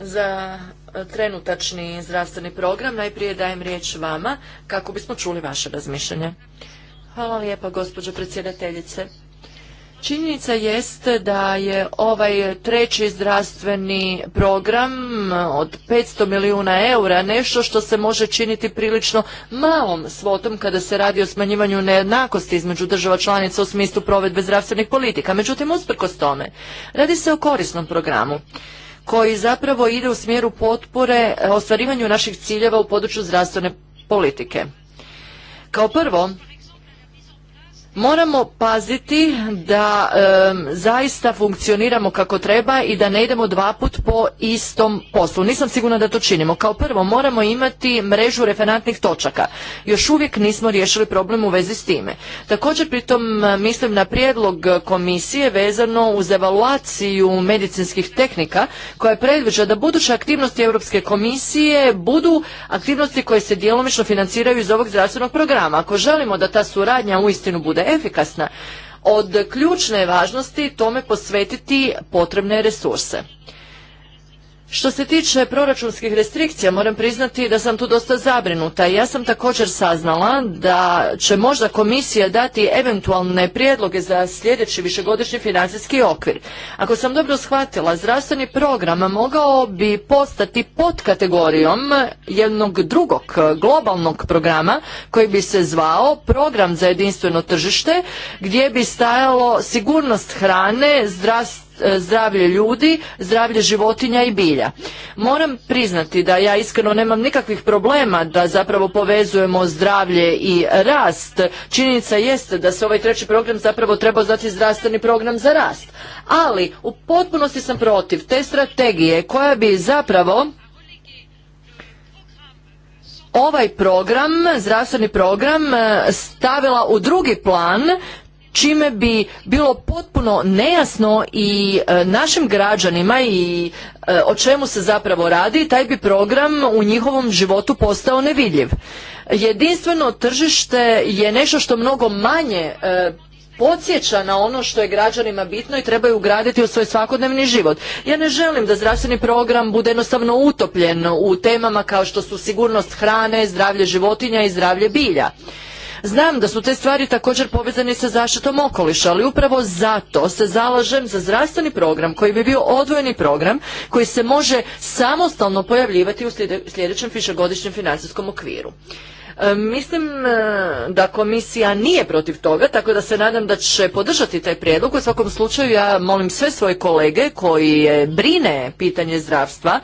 za trenutačni zdravstveni program. Najprije dajem riječ vama kako bismo čuli vaše razmišljanje. Hvala lijepa, gospođo predsjedateljice. Činjenica jest da je ovaj treći zdravstveni program od 500 milijuna eura nešto što se može činiti prilično malom svotom kada se radi o smanjivanju nejednakosti između država članica u smislu provedbe zdravstvenih politika. Međutim, usprkos tome, radi se o korisnom programu koji zapravo ide u smjeru potpore e, ostvarivanju naših ciljeva u području zdravstvene politike. Kao prvo, Moramo paziti da zaista funkcioniramo kako treba i da ne idemo dva put po istom poslu. Nisam sigurna da to činimo. Kao prvo moramo imati mrežu referantnih točaka. Još uvijek nismo riješili problem u vezi s time. Također pritom mislim na prijedlog komisije vezano uz evaluaciju medicinskih tehnika koja predviđa da buduće aktivnosti Europske komisije budu aktivnosti koje se djelomično financiraju iz ovog zdravstvenog programa. Ako želimo da ta suradnja uistinu bude efikasna. Od ključne je važnosti tome posvetiti potrebne resurse. Što se tiče proračunskih restrikcija, moram priznati da sam tu dosta zabrinuta. Ja sam također saznala da će možda komisija dati eventualne prijedloge za sljedeći višegodišnji financijski okvir. Ako sam dobro shvatila, zdravstveni program mogao bi postati pod kategorijom jednog drugog globalnog programa koji bi se zvao program za jedinstveno tržište gdje bi stajalo sigurnost hrane, zdravstvo E, zdravlje ljudi, zdravlje životinja i bilja. Moram priznati da ja iskreno nemam nikakvih problema da zapravo povezujemo zdravlje i rast. Činjenica jeste da se ovaj treći program zapravo treba zvati zdravstveni program za rast. Ali u potpunosti sam protiv te strategije koja bi zapravo ovaj program, zdravstveni program e, stavila u drugi plan čime bi bilo potpuno nejasno i e, našim građanima i e, o čemu se zapravo radi, taj bi program u njihovom životu postao nevidljiv. Jedinstveno tržište je nešto što mnogo manje e, podsjeća na ono što je građanima bitno i trebaju ugraditi u svoj svakodnevni život. Ja ne želim da zdravstveni program bude jednostavno utopljen u temama kao što su sigurnost hrane, zdravlje životinja i zdravlje bilja. Znam da su te stvari također povezane sa zaštitom okoliša, ali upravo zato se zalažem za zdravstveni program koji bi bio odvojeni program koji se može samostalno pojavljivati u sljedećem višegodišnjem financijskom okviru. E, mislim e, da komisija nije protiv toga, tako da se nadam da će podržati taj prijedlog. U svakom slučaju ja molim sve svoje kolege koji brine pitanje zdravstva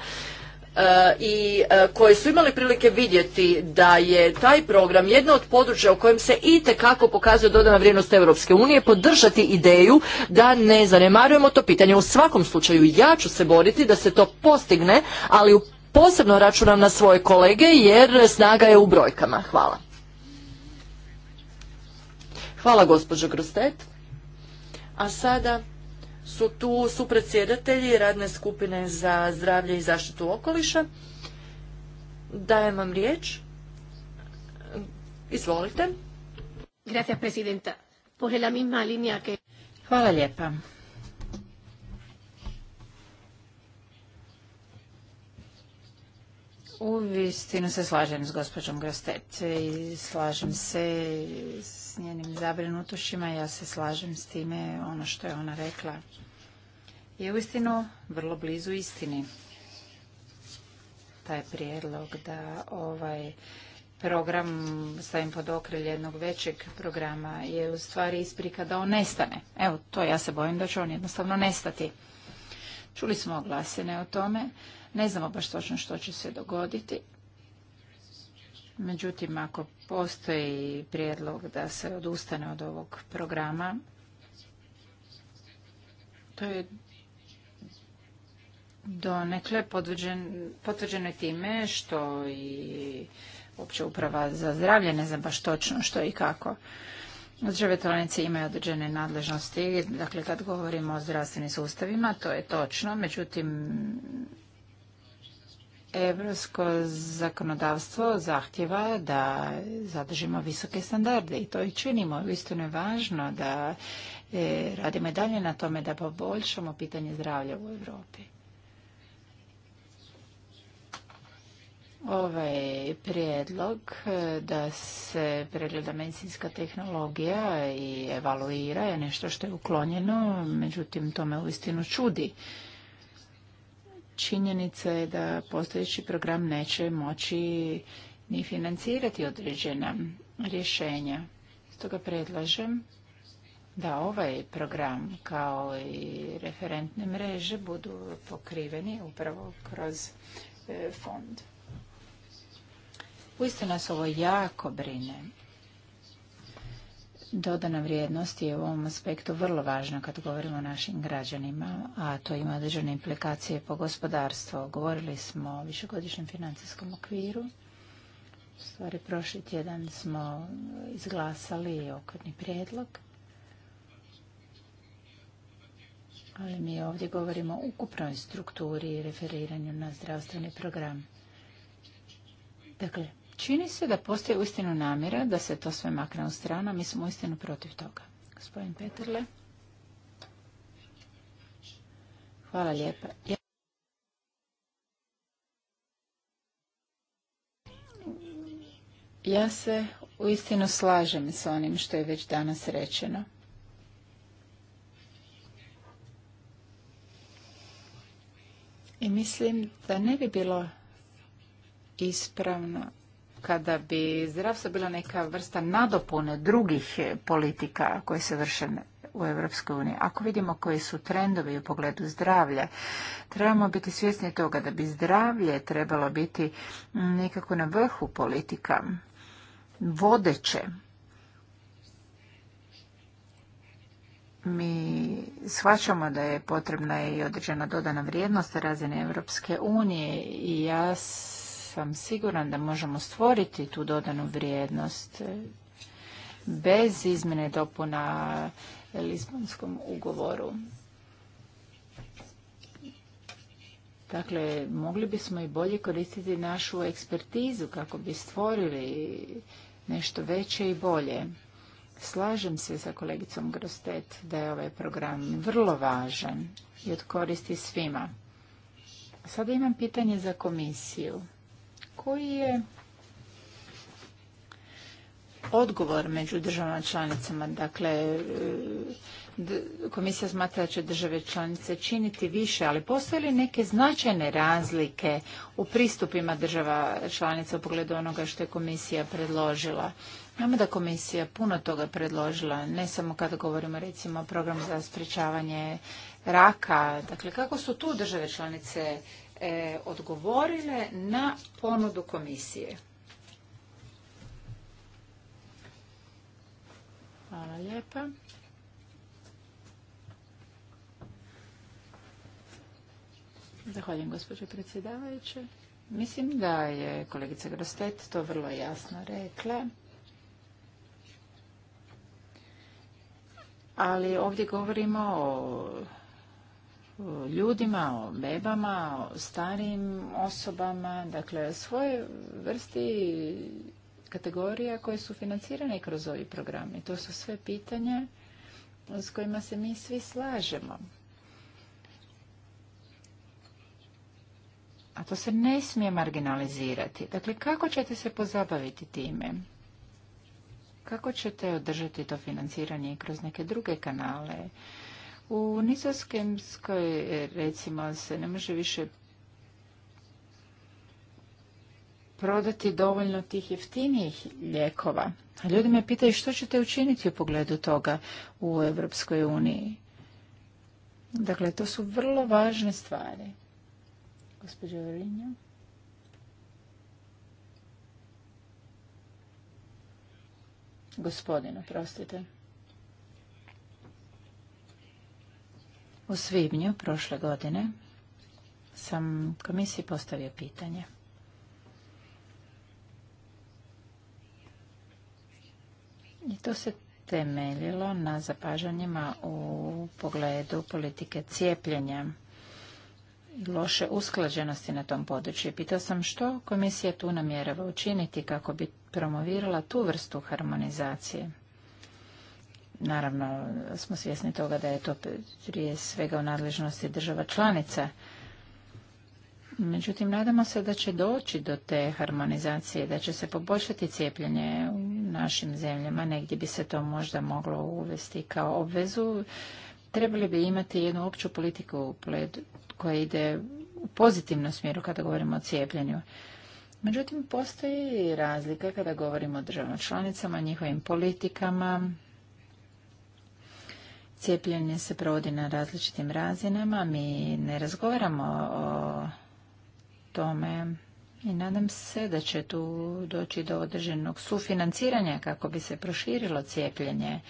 E, i e, koji su imali prilike vidjeti da je taj program jedno od područja u kojem se itekako pokazuje dodana vrijednost Europske unije, podržati ideju da ne zanemarujemo to pitanje. U svakom slučaju ja ću se boriti da se to postigne, ali u posebno računam na svoje kolege jer snaga je u brojkama. Hvala. Hvala gospođo Grostet. A sada su tu su predsjedatelji radne skupine za zdravlje i zaštitu okoliša. Dajem vam riječ. Izvolite. presidenta. Hvala lijepa. U istinu se slažem s gospođom Grostet i slažem se s njenim zabrinutošima. Ja se slažem s time ono što je ona rekla. Je uistinu vrlo blizu istini taj prijedlog da ovaj program stavim pod okrilje jednog većeg programa je u stvari isprika da on nestane. Evo, to ja se bojim da će on jednostavno nestati. Čuli smo oglasene o tome. Ne znamo baš točno što će se dogoditi. Međutim, ako postoji prijedlog da se odustane od ovog programa, to je donekle potvrđeno time što i uopće uprava za zdravlje ne znam baš točno što i kako. Države članice imaju određene nadležnosti, dakle kad govorimo o zdravstvenim sustavima, to je točno, međutim Evropsko zakonodavstvo zahtjeva da zadržimo visoke standarde i to i činimo. Uistinu je važno da e, radimo i dalje na tome da poboljšamo pitanje zdravlja u Europi. Ovaj prijedlog e, da se pregleda medicinska tehnologija i evaluira je nešto što je uklonjeno, međutim to me uistinu čudi činjenica je da postojeći program neće moći ni financirati određena rješenja. Stoga predlažem da ovaj program kao i referentne mreže budu pokriveni upravo kroz e, fond. Uistinu nas ovo jako brine Dodana vrijednost je u ovom aspektu vrlo važna kad govorimo o našim građanima, a to ima određene implikacije po gospodarstvo. Govorili smo o višegodišnjem financijskom okviru. U stvari, prošli tjedan smo izglasali okvirni prijedlog. Ali mi ovdje govorimo o ukupnoj strukturi i referiranju na zdravstveni program. Dakle, Čini se da postoji uistinu namjera da se to sve makne u stranu, mi smo uistinu protiv toga. Gospodin Petrle. Hvala lijepa. Ja se uistinu slažem s onim što je već danas rečeno. I mislim da ne bi bilo ispravno kada bi zdravstvo bila neka vrsta nadopune drugih politika koje se vrše u Europskoj uniji. Ako vidimo koji su trendovi u pogledu zdravlja, trebamo biti svjesni toga da bi zdravlje trebalo biti nekako na vrhu politika, vodeće. Mi shvaćamo da je potrebna i određena dodana vrijednost razine Europske unije i ja sam siguran da možemo stvoriti tu dodanu vrijednost e, bez izmjene dopuna Lisbonskom ugovoru. Dakle, mogli bismo i bolje koristiti našu ekspertizu kako bi stvorili nešto veće i bolje. Slažem se sa kolegicom Grostet da je ovaj program vrlo važan i od koristi svima. Sada imam pitanje za komisiju koji je odgovor među državama članicama. Dakle, e, komisija smatra da će države članice činiti više, ali postoje li neke značajne razlike u pristupima država članica u pogledu onoga što je komisija predložila? Znamo da komisija puno toga predložila, ne samo kada govorimo recimo o programu za sprječavanje raka. Dakle, kako su tu države članice E, odgovorile na ponudu komisije. Hvala lijepa. Zahvaljujem gospođo predsjedavajuće. Mislim da je kolegica Grostet to vrlo jasno rekla. Ali ovdje govorimo o ljudima, o bebama, o starim osobama, dakle svoje vrsti kategorija koje su financirane kroz ovi programi. To su sve pitanja s kojima se mi svi slažemo. A to se ne smije marginalizirati. Dakle, kako ćete se pozabaviti time? Kako ćete održati to financiranje kroz neke druge kanale? U Nizoskemskoj, recimo se ne može više prodati dovoljno tih jeftinijih lijekova. A ljudi me pitaju što ćete učiniti u pogledu toga u Europskoj uniji. Dakle, to su vrlo važne stvari. Gospođo Vrinja. Gospodin, oprostite. U svibnju prošle godine sam komisiji postavio pitanje. I to se temeljilo na zapažanjima u pogledu politike cijepljenja i loše usklađenosti na tom području. Pitao sam što komisija tu namjerava učiniti kako bi promovirala tu vrstu harmonizacije. Naravno smo svjesni toga da je to prije svega u nadležnosti država članica. Međutim, nadamo se da će doći do te harmonizacije, da će se poboljšati cijepljenje u našim zemljama. Negdje bi se to možda moglo uvesti kao obvezu. Trebali bi imati jednu opću politiku koja ide u pozitivnom smjeru kada govorimo o cijepljenju. Međutim, postoji razlika kada govorimo o državama članicama, njihovim politikama, Cijepljenje se provodi na različitim razinama, mi ne razgovaramo o tome i nadam se da će tu doći do održenog sufinanciranja kako bi se proširilo cijepljenje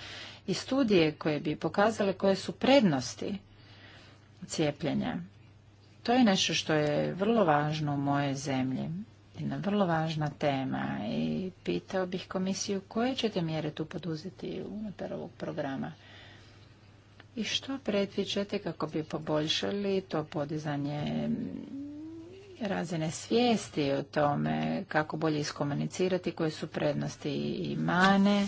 i studije koje bi pokazale koje su prednosti cijepljenja. To je nešto što je vrlo važno u moje zemlji. Jedna vrlo važna tema i pitao bih komisiju koje ćete mjere tu poduzeti unutar ovog programa. I što predviđate kako bi poboljšali to podizanje razine svijesti o tome kako bolje iskomunicirati, koje su prednosti i mane?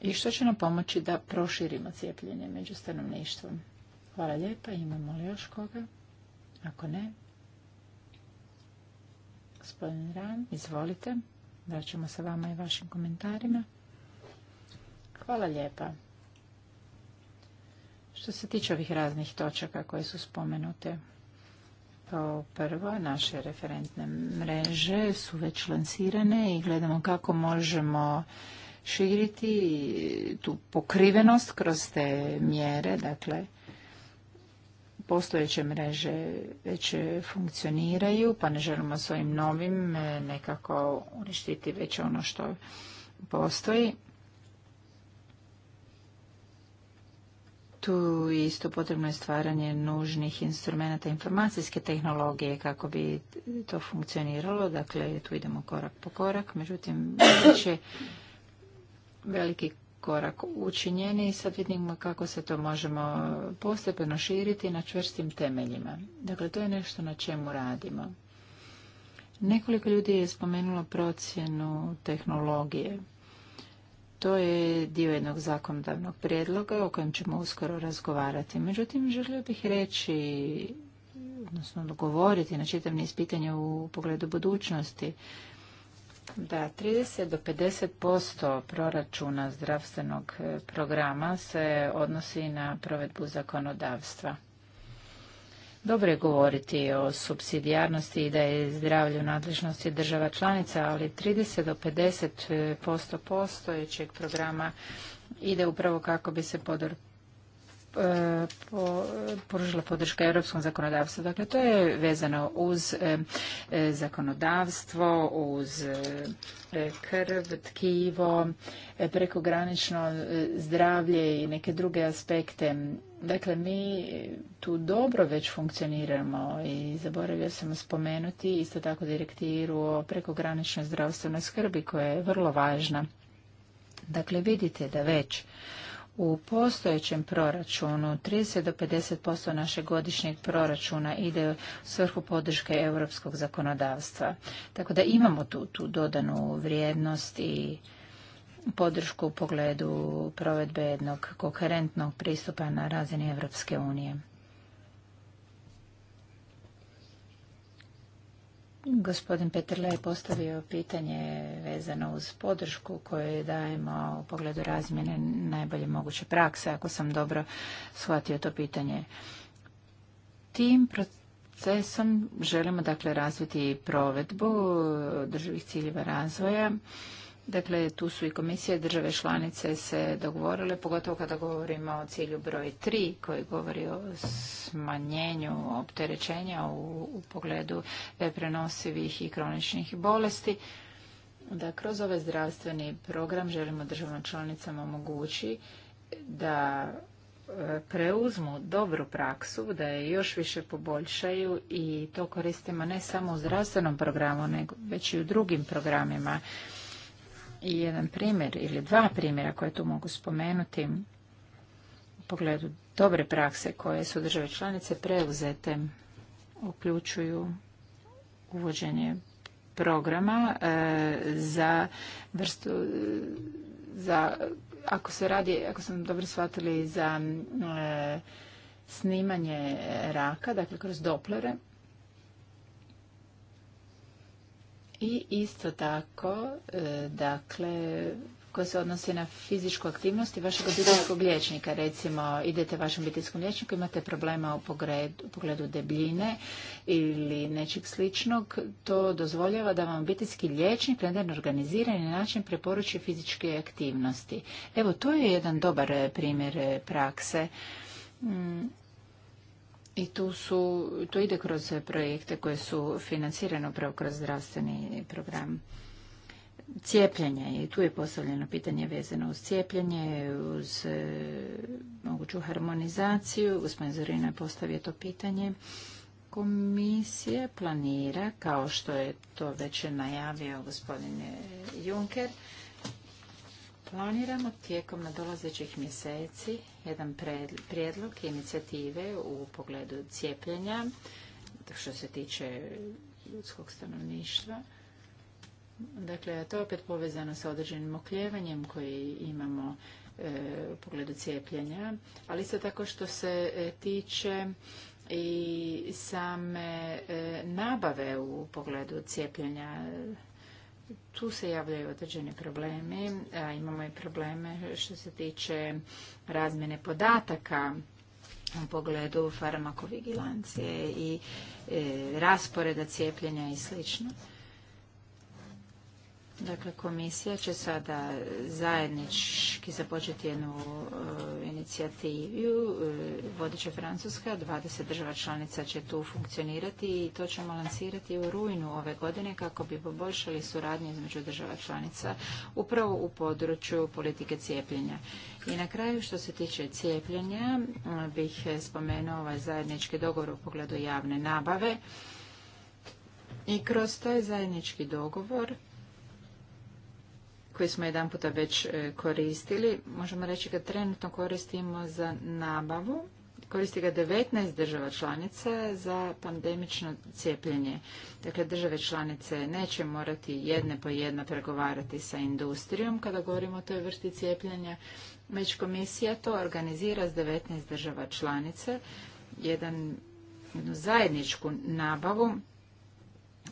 I što će nam pomoći da proširimo cijepljenje među stanovništvom? Hvala lijepa. Imamo li još koga? Ako ne, gospodin Ran, izvolite vraćamo se vama i vašim komentarima. Hvala lijepa. Što se tiče ovih raznih točaka koje su spomenute, kao pa prvo, naše referentne mreže su već lansirane i gledamo kako možemo širiti tu pokrivenost kroz te mjere, dakle, postojeće mreže već funkcioniraju, pa ne želimo svojim novim e, nekako uništiti već ono što postoji. Tu isto potrebno je stvaranje nužnih instrumenta informacijske tehnologije kako bi to funkcioniralo. Dakle, tu idemo korak po korak. Međutim, već je veliki korak učinjeni i sad vidimo kako se to možemo postepeno širiti na čvrstim temeljima. Dakle, to je nešto na čemu radimo. Nekoliko ljudi je spomenulo procjenu tehnologije. To je dio jednog zakonodavnog prijedloga o kojem ćemo uskoro razgovarati. Međutim, želio bih reći, odnosno dogovoriti na čitav niz pitanja u pogledu budućnosti. Da, 30 do 50% proračuna zdravstvenog e, programa se odnosi na provedbu zakonodavstva. Dobro je govoriti o subsidijarnosti i da je zdravlje u nadležnosti država članica, ali 30 do 50% e, postojećeg programa ide upravo kako bi se podor pružila podrška europskom zakonodavstvu. Dakle, to je vezano uz e, zakonodavstvo, uz e, krv, tkivo, e, prekogranično zdravlje i neke druge aspekte. Dakle, mi tu dobro već funkcioniramo i zaboravio sam spomenuti isto tako direktivu o prekograničnoj zdravstvenoj skrbi koja je vrlo važna. Dakle, vidite da već u postojećem proračunu 30 do 50% našeg godišnjeg proračuna ide u svrhu podrške europskog zakonodavstva. Tako da imamo tu, tu dodanu vrijednost i podršku u pogledu provedbe jednog koherentnog pristupa na razini Europske unije. Gospodin Petrle je postavio pitanje vezano uz podršku koju dajemo u pogledu razmjene najbolje moguće prakse, ako sam dobro shvatio to pitanje. Tim procesom želimo dakle razviti provedbu državih ciljeva razvoja Dakle, tu su i komisije države članice se dogovorile, pogotovo kada govorimo o cilju broj 3 koji govori o smanjenju opterećenja u, pogledu e, prenosivih i kroničnih bolesti. Da kroz ovaj zdravstveni program želimo državnom članicama omogući da e, preuzmu dobru praksu, da je još više poboljšaju i to koristimo ne samo u zdravstvenom programu, nego već i u drugim programima i jedan primjer ili dva primjera koje tu mogu spomenuti u pogledu dobre prakse koje su države članice preuzete uključuju uvođenje programa e, za vrstu za ako se radi, ako sam dobro shvatili za e, snimanje raka, dakle kroz doplere I isto tako, e, dakle, koje se odnosi na fizičku aktivnost i vašeg obiteljskog liječnika. Recimo, idete vašem obiteljskom liječniku, imate problema u pogledu, u debljine ili nečeg sličnog. To dozvoljava da vam obiteljski liječnik na jedan organizirani način preporuči fizičke aktivnosti. Evo, to je jedan dobar primjer prakse mm, i tu su, to ide kroz projekte koje su financirane upravo kroz zdravstveni program. cijepljenja. i tu je postavljeno pitanje vezano uz cijepljenje, uz e, moguću harmonizaciju. Gospodin Zorina je postavio to pitanje. Komisija planira, kao što je to već najavio gospodin Juncker, Planiramo tijekom nadolazećih mjeseci jedan prijedlog inicijative u pogledu cijepljenja što se tiče ljudskog stanovništva. Dakle, to je opet povezano sa određenim okljevanjem koji imamo e, u pogledu cijepljenja, ali isto tako što se e, tiče i same e, nabave u pogledu cijepljenja tu se javljaju određeni problemi. Imamo i probleme što se tiče razmjene podataka u pogledu farmakovigilancije i e, rasporeda cijepljenja i slično. Dakle, komisija će sada zajednički započeti jednu e, inicijativu, e, vodit će Francuska, 20 država članica će tu funkcionirati i to ćemo lansirati u rujnu ove godine kako bi poboljšali suradnju između država članica upravo u području politike cijepljenja. I na kraju što se tiče cijepljenja bih spomenuo ovaj zajednički dogovor u pogledu javne nabave i kroz taj zajednički dogovor koji smo jedan puta već e, koristili. Možemo reći da trenutno koristimo za nabavu. Koristi ga 19 država članica za pandemično cijepljenje. Dakle, države članice neće morati jedne po jedna pregovarati sa industrijom kada govorimo o toj vrsti cijepljenja, već komisija to organizira s 19 država članice, jedan, jednu zajedničku nabavu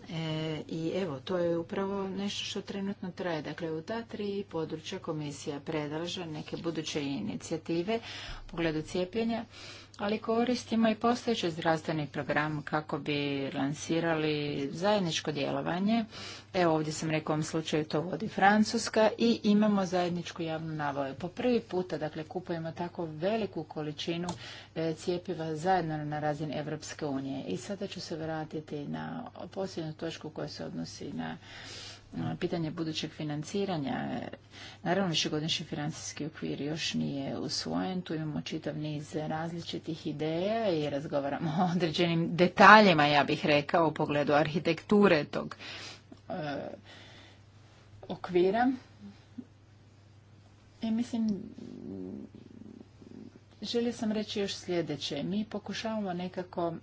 E, I evo, to je upravo nešto što trenutno traje. Dakle, u ta tri područja komisija predlaže neke buduće inicijative u pogledu cijepljenja ali koristimo i postojeći zdravstveni program kako bi lansirali zajedničko djelovanje. Evo ovdje sam rekao u ovom slučaju to vodi Francuska i imamo zajedničku javnu nabavu. Po prvi puta dakle kupujemo tako veliku količinu e, cijepiva zajedno na razini Europske unije. I sada ću se vratiti na posljednju točku koja se odnosi na pitanje budućeg financiranja. Naravno, višegodišnji financijski okvir još nije usvojen. Tu imamo čitav niz različitih ideja i razgovaramo o određenim detaljima, ja bih rekao, u pogledu arhitekture tog eh, okvira. I mislim, želio sam reći još sljedeće. Mi pokušavamo nekako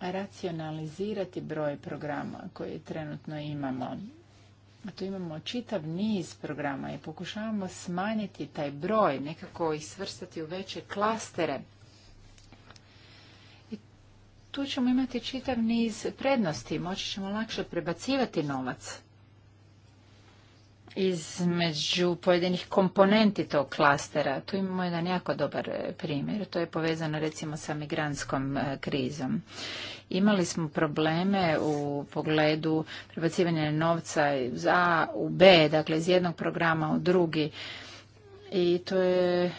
racionalizirati broj programa koji trenutno imamo tu imamo čitav niz programa i pokušavamo smanjiti taj broj, nekako ih svrstati u veće klastere. I tu ćemo imati čitav niz prednosti, moći ćemo lakše prebacivati novac između pojedinih komponenti tog klastera. Tu imamo jedan jako dobar e, primjer. To je povezano recimo sa migrantskom e, krizom. Imali smo probleme u pogledu prebacivanja novca iz A u B, dakle iz jednog programa u drugi. I to je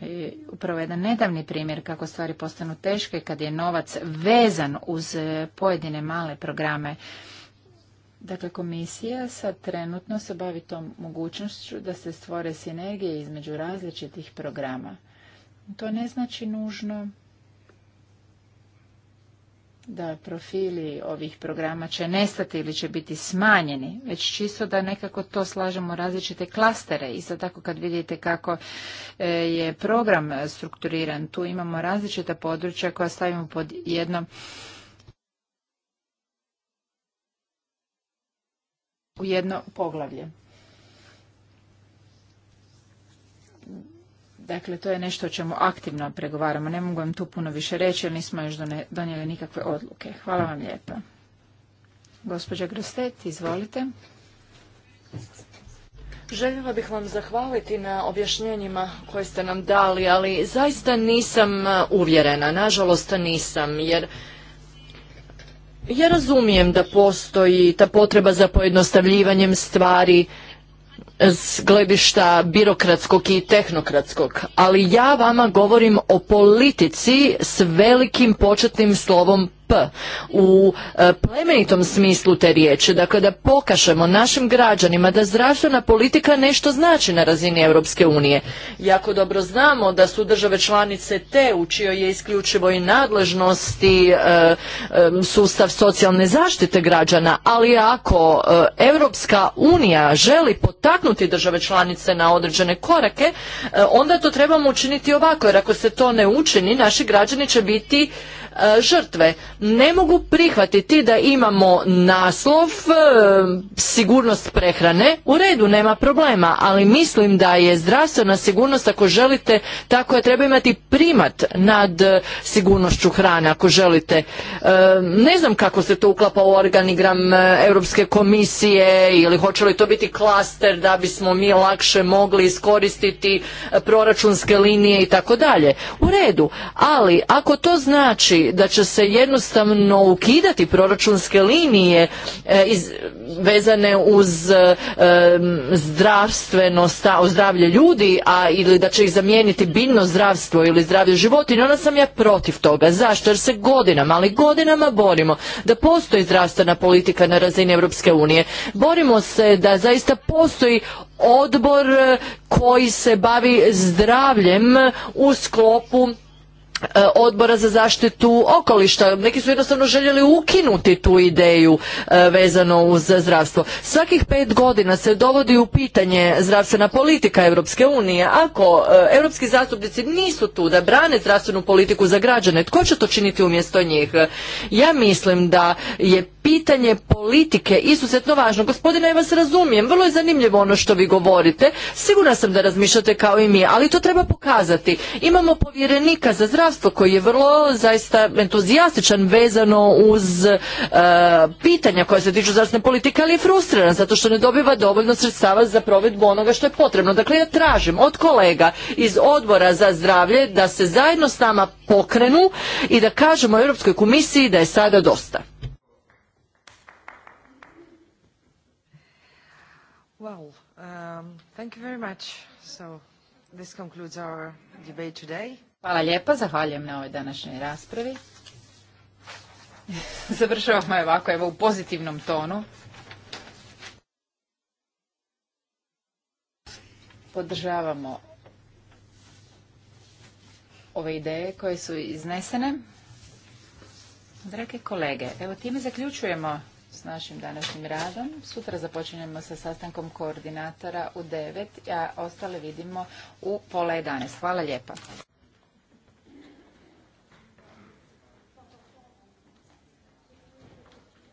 e, upravo jedan nedavni primjer kako stvari postanu teške kad je novac vezan uz pojedine male programe Dakle, komisija sad trenutno se bavi tom mogućnošću da se stvore sinergije između različitih programa. To ne znači nužno da profili ovih programa će nestati ili će biti smanjeni, već čisto da nekako to slažemo različite klastere. Isto tako kad vidite kako e, je program strukturiran, tu imamo različita područja koja stavimo pod jednom u jedno poglavlje. Dakle, to je nešto o čemu aktivno pregovaramo. Ne mogu vam tu puno više reći jer nismo još donijeli nikakve odluke. Hvala vam lijepa. Gospođa Grostet, izvolite. Željela bih vam zahvaliti na objašnjenjima koje ste nam dali, ali zaista nisam e, uvjerena, nažalost nisam, jer ja razumijem da postoji ta potreba za pojednostavljivanjem stvari s gledišta birokratskog i tehnokratskog, ali ja vama govorim o politici s velikim početnim slovom P u e, plemenitom smislu te riječi, dakle da pokažemo našim građanima da zdravstvena politika nešto znači na razini Europske unije. Jako dobro znamo da su države članice te u čijoj je isključivo i nadležnosti e, e, sustav socijalne zaštite građana, ali ako Europska unija želi potaknuti države članice na određene korake, onda to trebamo učiniti ovako, jer ako se to ne učini, naši građani će biti E, žrtve. Ne mogu prihvatiti da imamo naslov e, sigurnost prehrane, u redu nema problema, ali mislim da je zdravstvena sigurnost ako želite tako je treba imati primat nad e, sigurnošću hrane ako želite. Ne znam kako se to uklapa u organigram Europske komisije ili hoće li to biti klaster da bismo mi lakše mogli iskoristiti proračunske linije i tako dalje. U redu, ali ako to znači da će se jednostavno ukidati proračunske linije e, vezane uz e, zdravstveno zdravlje ljudi, a ili da će ih zamijeniti biljno zdravstvo ili zdravlje životinja, onda sam ja protiv toga. Zašto? Jer se godinama, ali godinama borimo da postoji zdravstvena politika na razini Europske unije. Borimo se da zaista postoji odbor e, koji se bavi zdravljem u sklopu E, odbora za zaštitu okolišta. Neki su jednostavno željeli ukinuti tu ideju e, vezano uz zdravstvo. Svakih pet godina se dovodi u pitanje zdravstvena politika Europske unije. Ako europski zastupnici nisu tu da brane zdravstvenu politiku za građane, tko će to činiti umjesto njih? Ja mislim da je pitanje politike izuzetno važno. Gospodine, ja vas razumijem, vrlo je zanimljivo ono što vi govorite. Sigurna sam da razmišljate kao i mi, ali to treba pokazati. Imamo povjerenika za zdravstvo zdravstvo koji je vrlo zaista entuzijastičan vezano uz e, pitanja koja se tiču zdravstvene politike, ali je frustriran zato što ne dobiva dovoljno sredstava za provedbu onoga što je potrebno. Dakle, ja tražim od kolega iz odbora za zdravlje da se zajedno s nama pokrenu i da kažemo Europskoj komisiji da je sada dosta. Um, thank you very much. So... This concludes our debate today. Hvala lijepa, zahvaljujem na ovoj današnjoj raspravi. Završavamo je ovako, evo u pozitivnom tonu. Podržavamo ove ideje koje su iznesene. Drage kolege, evo time zaključujemo s našim današnjim radom. Sutra započinjemo sa sastankom koordinatora u 9, a ostale vidimo u pola 11. Hvala lijepa.